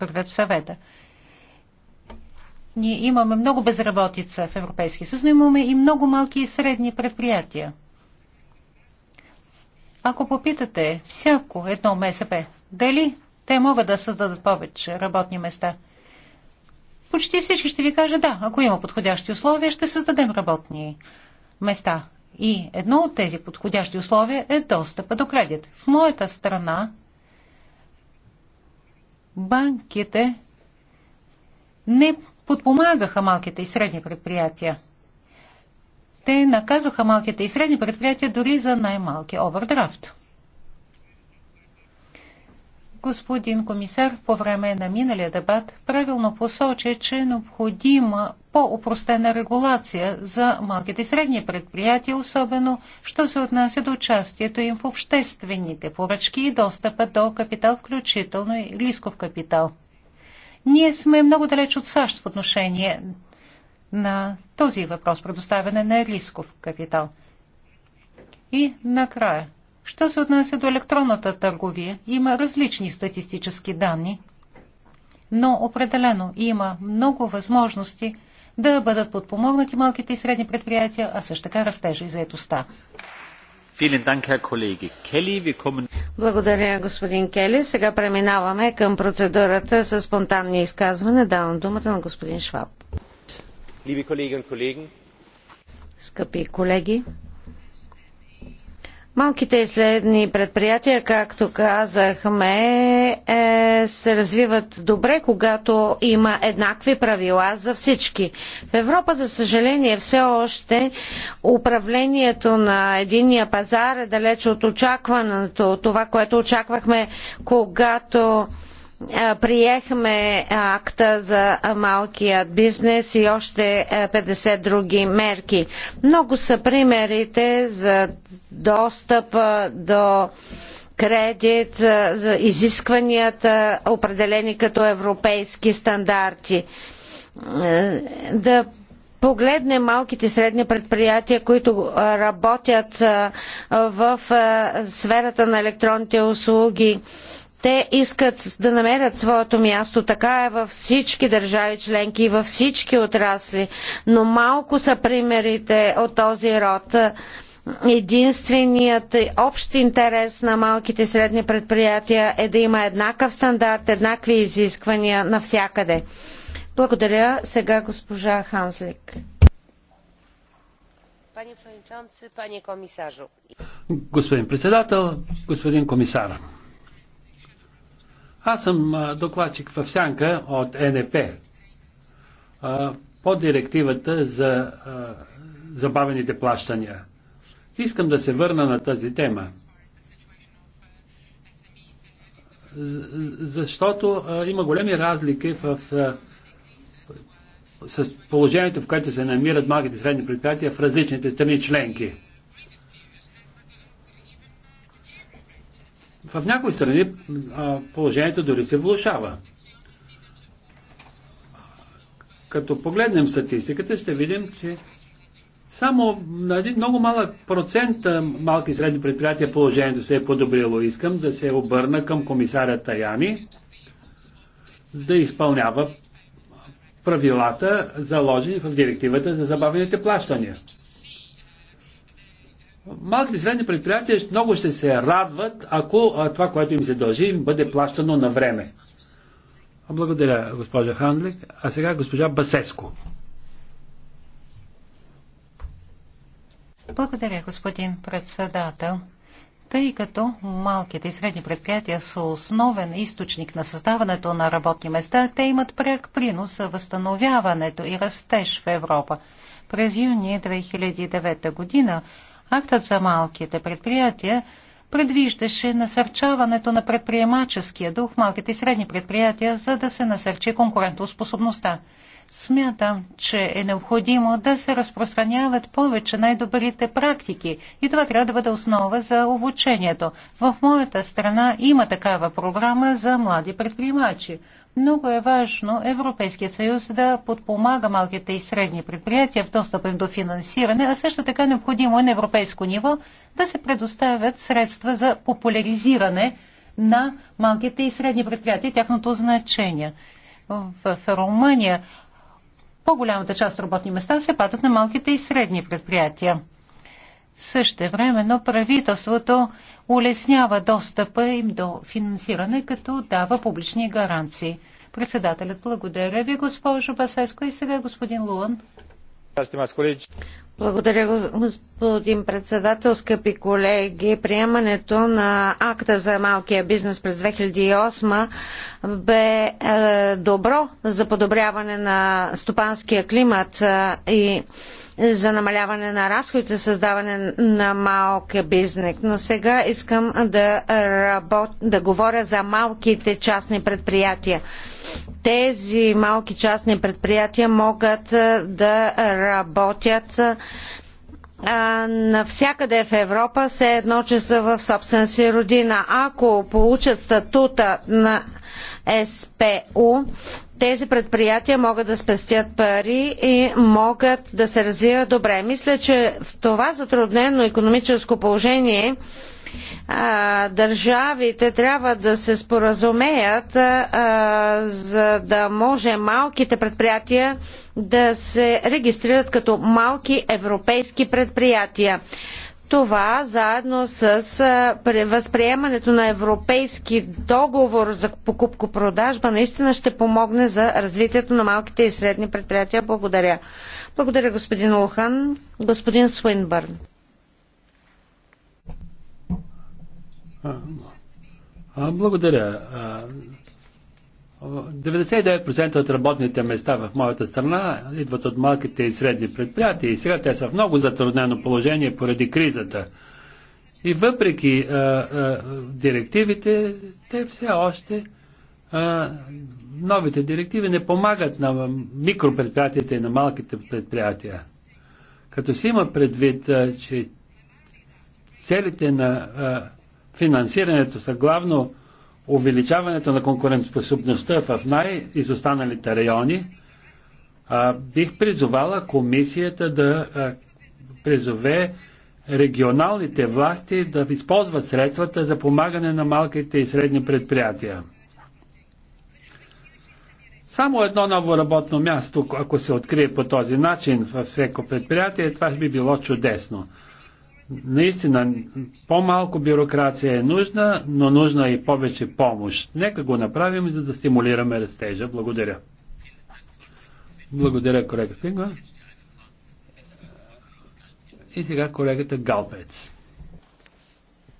вървят в съвета. Ние имаме много безработица в Европейския съюз, но имаме и много малки и средни предприятия. Ако попитате всяко едно МСП, дали те могат да създадат повече работни места, почти всички ще ви кажат да, ако има подходящи условия, ще създадем работни места. И едно от тези подходящи условия е достъпа до кредит. В моята страна банките не подпомагаха малките и средни предприятия. Те наказваха малките и средни предприятия дори за най-малки овердрафт. Господин комисар по време на миналия дебат правилно посочи, че е необходима по-упростена регулация за малките и средни предприятия, особено що се отнася до участието им в обществените поръчки и достъпа до капитал, включително и рисков капитал. Ние сме много далеч от САЩ в отношение на този въпрос, предоставяне на рисков капитал. И накрая, що се отнася до електронната търговия, има различни статистически данни, но определено има много възможности да бъдат подпомогнати малките и средни предприятия, а също така растежа и заедостта. Благодаря, господин Кели. Сега преминаваме към процедурата за спонтанни изказвания. Давам думата на господин Шваб. Скъпи колеги, Малките и средни предприятия, както казахме, е, се развиват добре, когато има еднакви правила за всички. В Европа, за съжаление, все още управлението на единия пазар е далеч от очакването, това, което очаквахме, когато приехме акта за малкият бизнес и още 50 други мерки. Много са примерите за достъп до кредит, за изискванията, определени като европейски стандарти. Да погледнем малките и средни предприятия, които работят в сферата на електронните услуги те искат да намерят своето място. Така е във всички държави членки и във всички отрасли. Но малко са примерите от този род единственият общ интерес на малките и средни предприятия е да има еднакъв стандарт, еднакви изисквания навсякъде. Благодаря. Сега госпожа Ханслик. Господин председател, господин комисар. Аз съм докладчик в Сянка от НП по директивата за забавените плащания. Искам да се върна на тази тема. Защото има големи разлики в с положението, в което се намират малките и средни предприятия в различните страни членки. В някои страни положението дори се влушава. Като погледнем статистиката, ще видим, че само на един много малък процент малки и средни предприятия положението се е подобрило. Искам да се обърна към комисаря Таяни да изпълнява правилата, заложени в директивата за забавените плащания. Малките и средни предприятия много ще се радват, ако това, което им се дължи, им бъде плащано на време. Благодаря, госпожа Хандлик. А сега госпожа Басеско. Благодаря, господин председател. Тъй като малките и средни предприятия са основен източник на създаването на работни места, те имат пряк принос за възстановяването и растеж в Европа. През юни 2009 година Актът за малките предприятия предвиждаше насърчаването на предприемаческия дух малките и средни предприятия, за да се насърчи конкурентоспособността. Смятам, че е необходимо да се разпространяват повече най-добрите практики и това трябва да бъде основа за обучението. В моята страна има такава програма за млади предприемачи. Много е важно Европейският съюз да подпомага малките и средни предприятия в достъп им до финансиране, а също така необходимо е на европейско ниво да се предоставят средства за популяризиране на малките и средни предприятия и тяхното значение. В Румъния по-голямата част от работни места се падат на малките и средни предприятия. Същевременно правителството улеснява достъпа им до финансиране, като дава публични гаранции. Председателят благодаря ви, госпожо Басеско и сега господин Луан. Благодаря, господин председател. Скъпи колеги, приемането на акта за малкия бизнес през 2008 бе е, добро за подобряване на стопанския климат е, и за намаляване на разходите, създаване на малки бизнес. Но сега искам да, работ... да говоря за малките частни предприятия. Тези малки частни предприятия могат да работят навсякъде в Европа, все едно, че са в собствена си родина. Ако получат статута на СПУ, тези предприятия могат да спестят пари и могат да се развиват добре. Мисля, че в това затруднено економическо положение държавите трябва да се споразумеят, за да може малките предприятия да се регистрират като малки европейски предприятия. Това заедно с възприемането на европейски договор за покупко-продажба наистина ще помогне за развитието на малките и средни предприятия. Благодаря. Благодаря господин Лухан. Господин Суинбърн. Благодаря. 99% от работните места в моята страна идват от малките и средни предприятия и сега те са в много затруднено положение поради кризата. И въпреки а, а, директивите, те все още, а, новите директиви не помагат на микропредприятията и на малките предприятия. Като се има предвид, а, че целите на а, финансирането са главно увеличаването на конкурентоспособността в най-изостаналите райони, а, бих призовала комисията да а, призове регионалните власти да използват средствата за помагане на малките и средни предприятия. Само едно ново работно място, ако се открие по този начин във всеко предприятие, това би било чудесно. Наистина, по-малко бюрокрация е нужна, но нужна и повече помощ. Нека го направим, за да стимулираме растежа. Благодаря. Благодаря, колега Пинга. И сега колегата Галпец.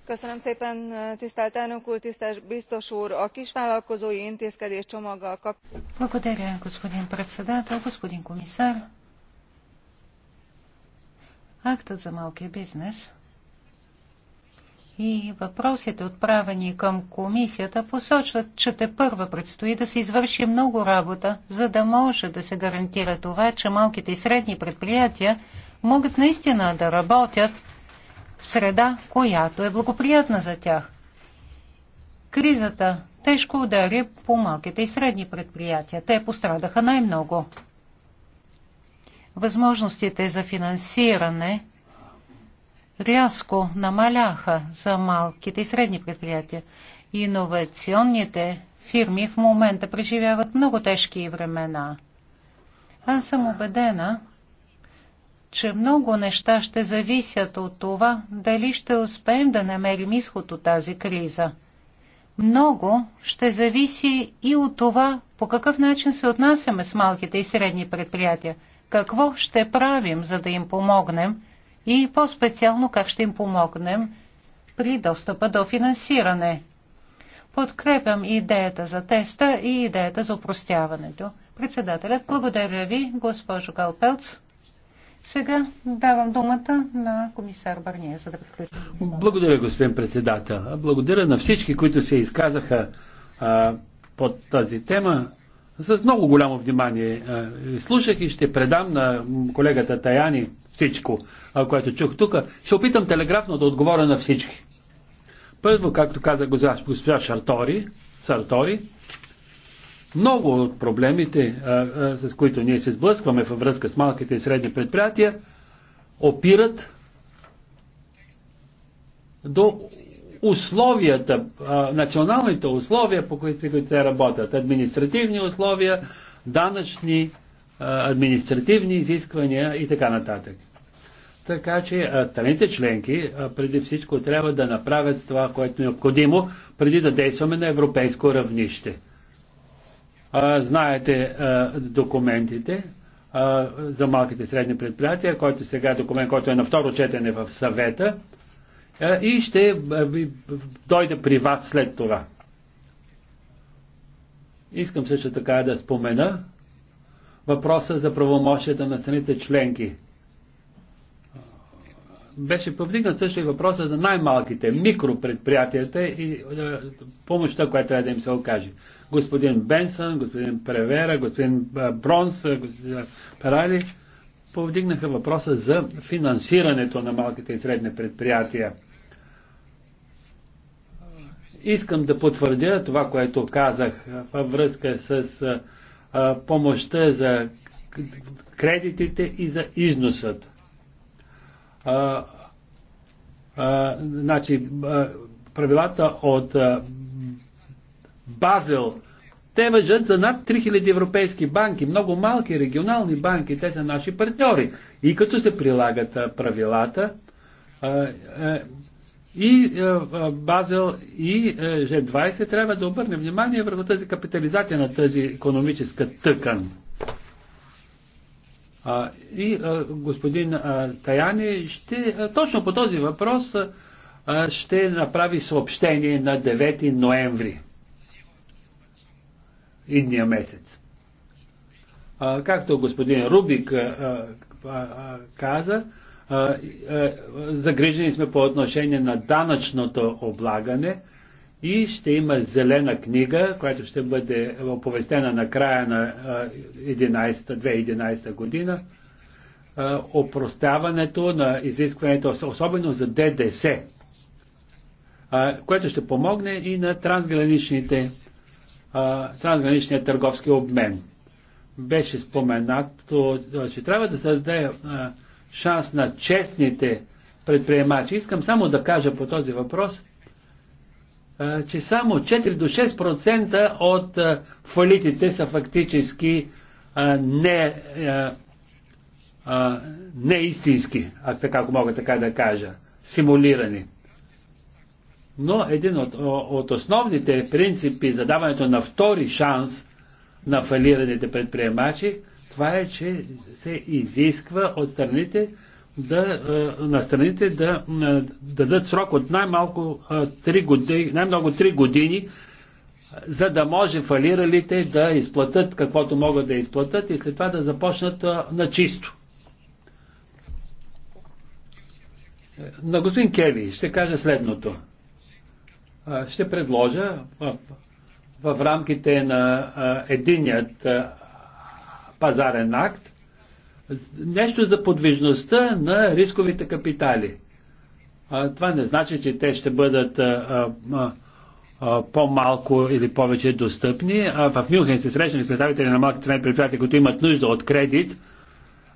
Köszönöm szépen, tisztelt elnök úr, tisztelt biztos úr! A kisvállalkozói intézkedés csomaggal kap... Благодаря, господин председател, господин комисар актът за малкия бизнес и въпросите, отправени към комисията, посочват, че те първа предстои да се извърши много работа, за да може да се гарантира това, че малките и средни предприятия могат наистина да работят в среда, която е благоприятна за тях. Кризата тежко удари по малките и средни предприятия. Те пострадаха най-много възможностите за финансиране рязко намаляха за малките и средни предприятия. Иновационните фирми в момента преживяват много тежки времена. Аз съм убедена, че много неща ще зависят от това, дали ще успеем да намерим изход от тази криза. Много ще зависи и от това, по какъв начин се отнасяме с малките и средни предприятия – какво ще правим, за да им помогнем и по-специално как ще им помогнем при достъпа до финансиране. Подкрепям идеята за теста и идеята за упростяването. Председателят, благодаря ви, госпожо Галпелц. Сега давам думата на комисар Барния, за да приключим. Благодаря, господин председател. Благодаря на всички, които се изказаха а, под тази тема с много голямо внимание е, слушах и ще предам на колегата Таяни всичко, е, което чух тук. Ще опитам телеграфно да отговоря на всички. Първо, както каза госпожа Шартори, Сартори, много от проблемите, е, с които ние се сблъскваме във връзка с малките и средни предприятия, опират до условията, националните условия, по които, те работят. Административни условия, данъчни, административни изисквания и така нататък. Така че страните членки преди всичко трябва да направят това, което е необходимо, преди да действаме на европейско равнище. Знаете документите за малките и средни предприятия, който сега е документ, който е на второ четене в съвета, и ще дойда при вас след това. Искам също така да спомена въпроса за правомощията на страните членки. Беше повдигнат също и въпроса за най-малките микропредприятията и помощта, която трябва да им се окаже. Господин Бенсън, господин Превера, господин Бронс, господин Парали повдигнаха въпроса за финансирането на малките и средни предприятия. Искам да потвърдя това, което казах във връзка с помощта за кредитите и за износът. А, а, значи, а, правилата от а, Базел, те мъжат за над 3000 европейски банки, много малки регионални банки, те са наши партньори. И като се прилагат а, правилата, а, а, и е, е, Базел и G20 е, трябва да обърне внимание върху тази капитализация на тази економическа тъкан. И господин Таяни ще, точно по този въпрос ще направи съобщение на 9 ноември идния месец. Както господин Рубик каза, е, загрижени сме по отношение на данъчното облагане и ще има зелена книга, която ще бъде оповестена на края на 11, е, 2011 година. Е, опростяването на изискването, особено за ДДС, което ще помогне и на трансграничните, трансграничния търговски обмен. Беше споменато, че трябва да се даде шанс на честните предприемачи. Искам само да кажа по този въпрос, че само 4 до 6% от фалитите са фактически не, не истински, ако така, мога така да кажа, симулирани. Но един от, от основните принципи за даването на втори шанс на фалираните предприемачи това е, че се изисква от страните да, е, на страните да, е, да дадат срок от най-малко 3 е, години, най-много 3 години, за да може фалиралите да изплатат каквото могат да изплатат и след това да започнат на чисто. На господин Кеви ще кажа следното. Ще предложа в рамките на единият пазарен акт, нещо за подвижността на рисковите капитали. А, това не значи, че те ще бъдат а, а, а, по-малко или повече достъпни. А, в Мюнхен се срещнали с представители на малките средни предприятия, които имат нужда от кредит.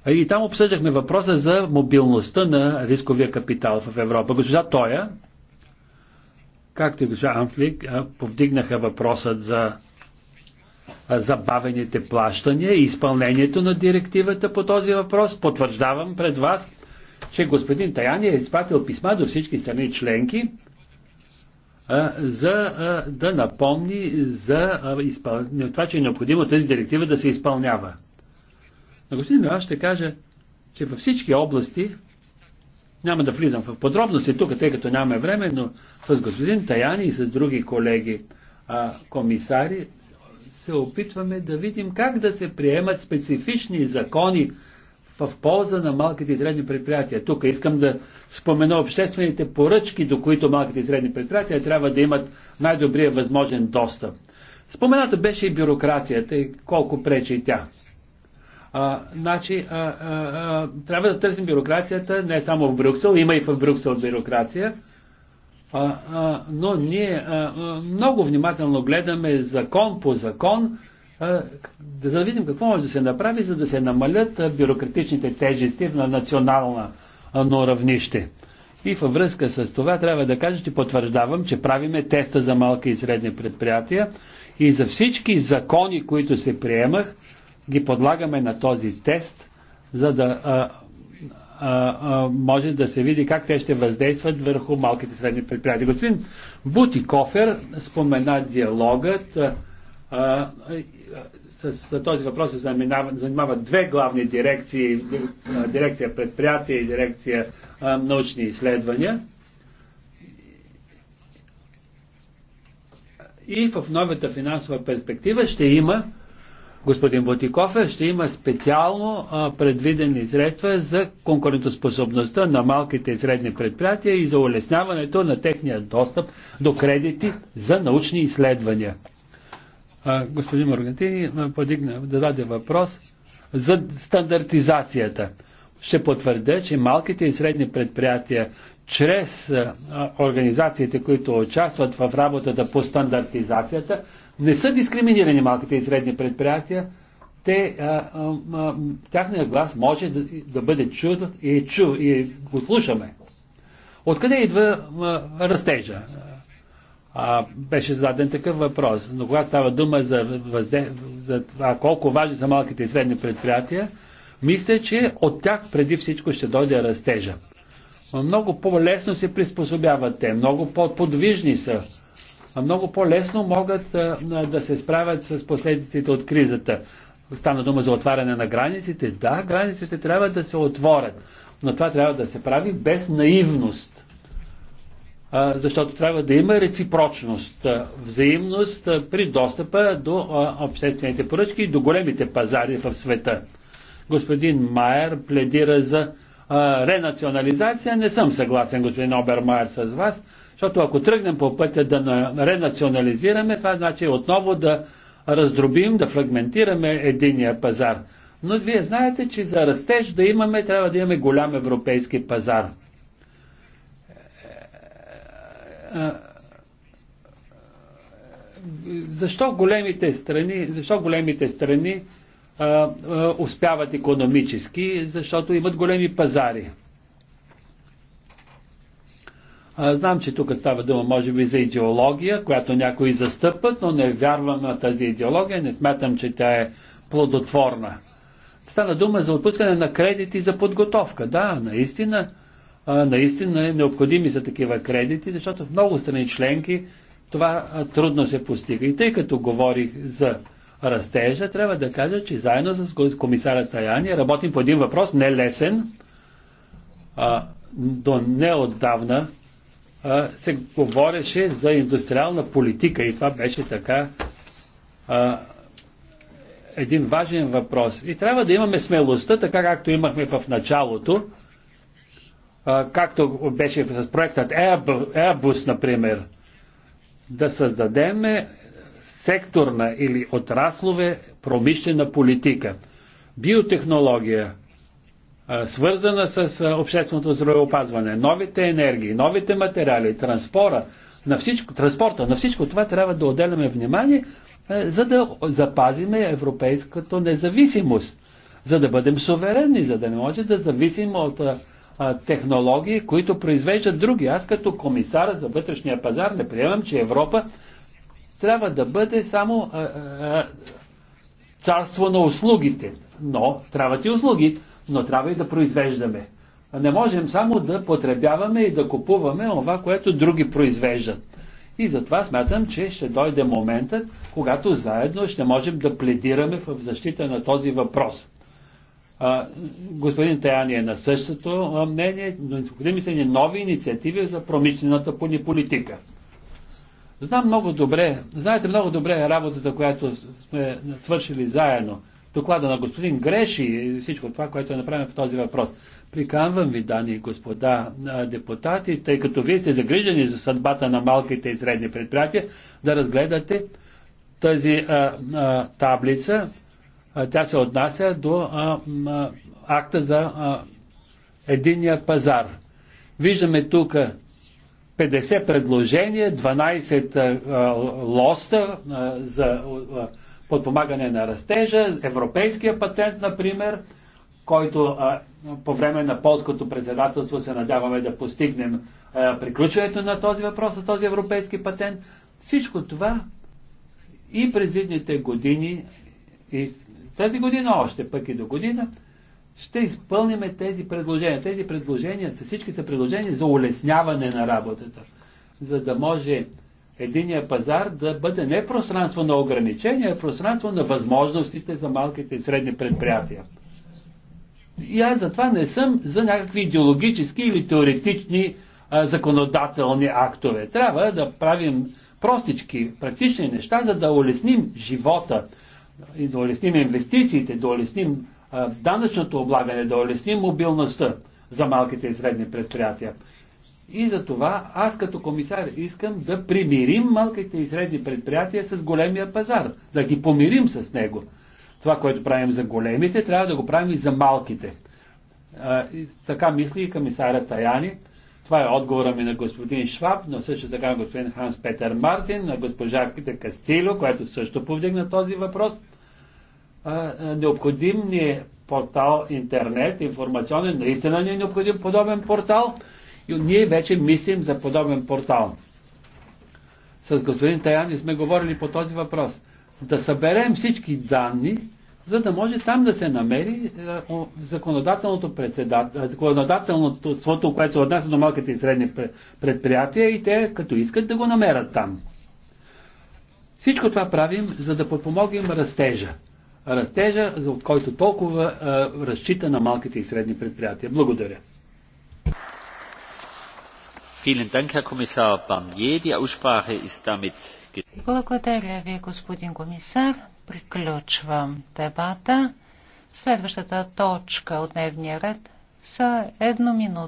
А, и там обсъждахме въпроса за мобилността на рисковия капитал в Европа. Госпожа Тоя, както и госпожа Амфлик, повдигнаха въпросът за забавените плащания и изпълнението на директивата по този въпрос. Потвърждавам пред вас, че господин Таяни е изпратил писма до всички страни членки, за да напомни за това, че е необходимо тази директива да се изпълнява. На господин Милан ще кажа, че във всички области, няма да влизам в подробности тук, тъй като нямаме време, но с господин Таяни и с други колеги комисари се опитваме да видим как да се приемат специфични закони в полза на малките и средни предприятия. Тук искам да спомена обществените поръчки, до които малките и средни предприятия трябва да имат най-добрия възможен достъп. Спомената беше и бюрокрацията и колко пречи и тя. А, значи, а, а, а, трябва да търсим бюрокрацията не само в Брюксел, има и в Брюксел бюрокрация, а, а, но ние а, много внимателно гледаме закон по закон, а, за да видим какво може да се направи, за да се намалят бюрократичните тежести на национална но равнище. И във връзка с това трябва да кажа, че потвърждавам, че правиме теста за малки и средни предприятия и за всички закони, които се приемах, ги подлагаме на този тест, за да а, може да се види как те ще въздействат върху малките и средни предприятия. Господин Бути Кофер спомена диалогът. А, с, с този въпрос се занимават две главни дирекции, дирекция предприятия и дирекция а, научни изследвания. И в новата финансова перспектива ще има господин Ботиков, ще има специално предвидени средства за конкурентоспособността на малките и средни предприятия и за улесняването на техния достъп до кредити за научни изследвания. Господин Моргантини, подигна да даде въпрос за стандартизацията. Ще потвърдя, че малките и средни предприятия чрез организациите, които участват в работата по стандартизацията, не са дискриминирани малките и средни предприятия, те, а, а, тяхния глас може да бъде чуд и, чу, и го слушаме. Откъде идва а, растежа? А, беше зададен такъв въпрос. Но когато става дума за, възде... за това колко важни са малките и средни предприятия, мисля, че от тях преди всичко ще дойде растежа много по-лесно се приспособяват те, много по-подвижни са, много по-лесно могат да се справят с последиците от кризата. Стана дума за отваряне на границите. Да, границите трябва да се отворят, но това трябва да се прави без наивност. Защото трябва да има реципрочност, взаимност при достъпа до обществените поръчки и до големите пазари в света. Господин Майер пледира за а, ренационализация, не съм съгласен, господин Обермайер, с вас, защото ако тръгнем по пътя да ренационализираме, това значи отново да раздробим, да фрагментираме единия пазар. Но вие знаете, че за растеж да имаме, трябва да имаме голям европейски пазар. Защо големите страни, защо големите страни успяват економически, защото имат големи пазари. Знам, че тук става дума, може би, за идеология, която някои застъпват, но не вярвам на тази идеология, не смятам, че тя е плодотворна. Стана дума за отпускане на кредити за подготовка. Да, наистина, наистина е необходими са такива кредити, защото в много страни членки това трудно се постига. И тъй като говорих за растежа, трябва да кажа, че заедно с комисаря Таяния работим по един въпрос, не лесен. А, до неотдавна а, се говореше за индустриална политика и това беше така а, един важен въпрос. И трябва да имаме смелостта, така както имахме в началото, а, както беше с проектът Airbus, например, да създадем секторна или отраслове промишлена политика. Биотехнология, свързана с общественото здравеопазване, новите енергии, новите материали, транспора, на всичко, транспорта, на всичко това трябва да отделяме внимание, за да запазиме европейската независимост, за да бъдем суверенни, за да не може да зависим от технологии, които произвеждат други. Аз като комисар за вътрешния пазар не приемам, че Европа трябва да бъде само а, а, царство на услугите. Но трябва и услуги, но трябва и да произвеждаме. Не можем само да потребяваме и да купуваме това, което други произвеждат. И затова смятам, че ще дойде моментът, когато заедно ще можем да пледираме в защита на този въпрос. А, господин Таяни е на същото мнение, но необходими са ни нови инициативи за промишлената политика. Знам много добре, знаете много добре работата, която сме свършили заедно. Доклада на господин Греши и всичко това, което е направено по този въпрос. Приканвам ви, дани и господа депутати, тъй като вие сте загрижени за съдбата на малките и средни предприятия, да разгледате тази а, а, таблица. А, тя се отнася до а, а, акта за а, единния пазар. Виждаме тук 50 предложения, 12 лоста за подпомагане на растежа, европейския патент, например, който по време на полското председателство се надяваме да постигнем приключването на този въпрос, на този европейски патент. Всичко това и през едните години, и тази година още, пък и до година, ще изпълниме тези предложения. Тези предложения, са, всички са предложения за улесняване на работата, за да може единия пазар да бъде не пространство на ограничения, а пространство на възможностите за малките и средни предприятия. И аз затова не съм за някакви идеологически или теоретични а, законодателни актове. Трябва да правим простички, практични неща, за да улесним живота, и да улесним инвестициите, да улесним данъчното облагане, да улесни мобилността за малките и средни предприятия. И за това аз като комисар искам да примирим малките и средни предприятия с големия пазар, да ги помирим с него. Това, което правим за големите, трябва да го правим и за малките. А, и така мисли и комисаря Таяни. Това е отговора ми на господин Шваб, но също така господин Ханс Петър Мартин, на госпожа Кастило, която също повдигна този въпрос необходим ни е портал интернет, информационен, наистина ни е необходим подобен портал и ние вече мислим за подобен портал. С господин Таяни сме говорили по този въпрос. Да съберем всички данни, за да може там да се намери е, законодателното, е, законодателното което се отнася до малките и средни предприятия и те като искат да го намерят там. Всичко това правим, за да подпомогнем растежа растежа, за който толкова разчита на малките и средни предприятия. Благодаря. Благодаря ви, господин комисар. Приключвам дебата. Следващата точка от дневния ред са едно минут.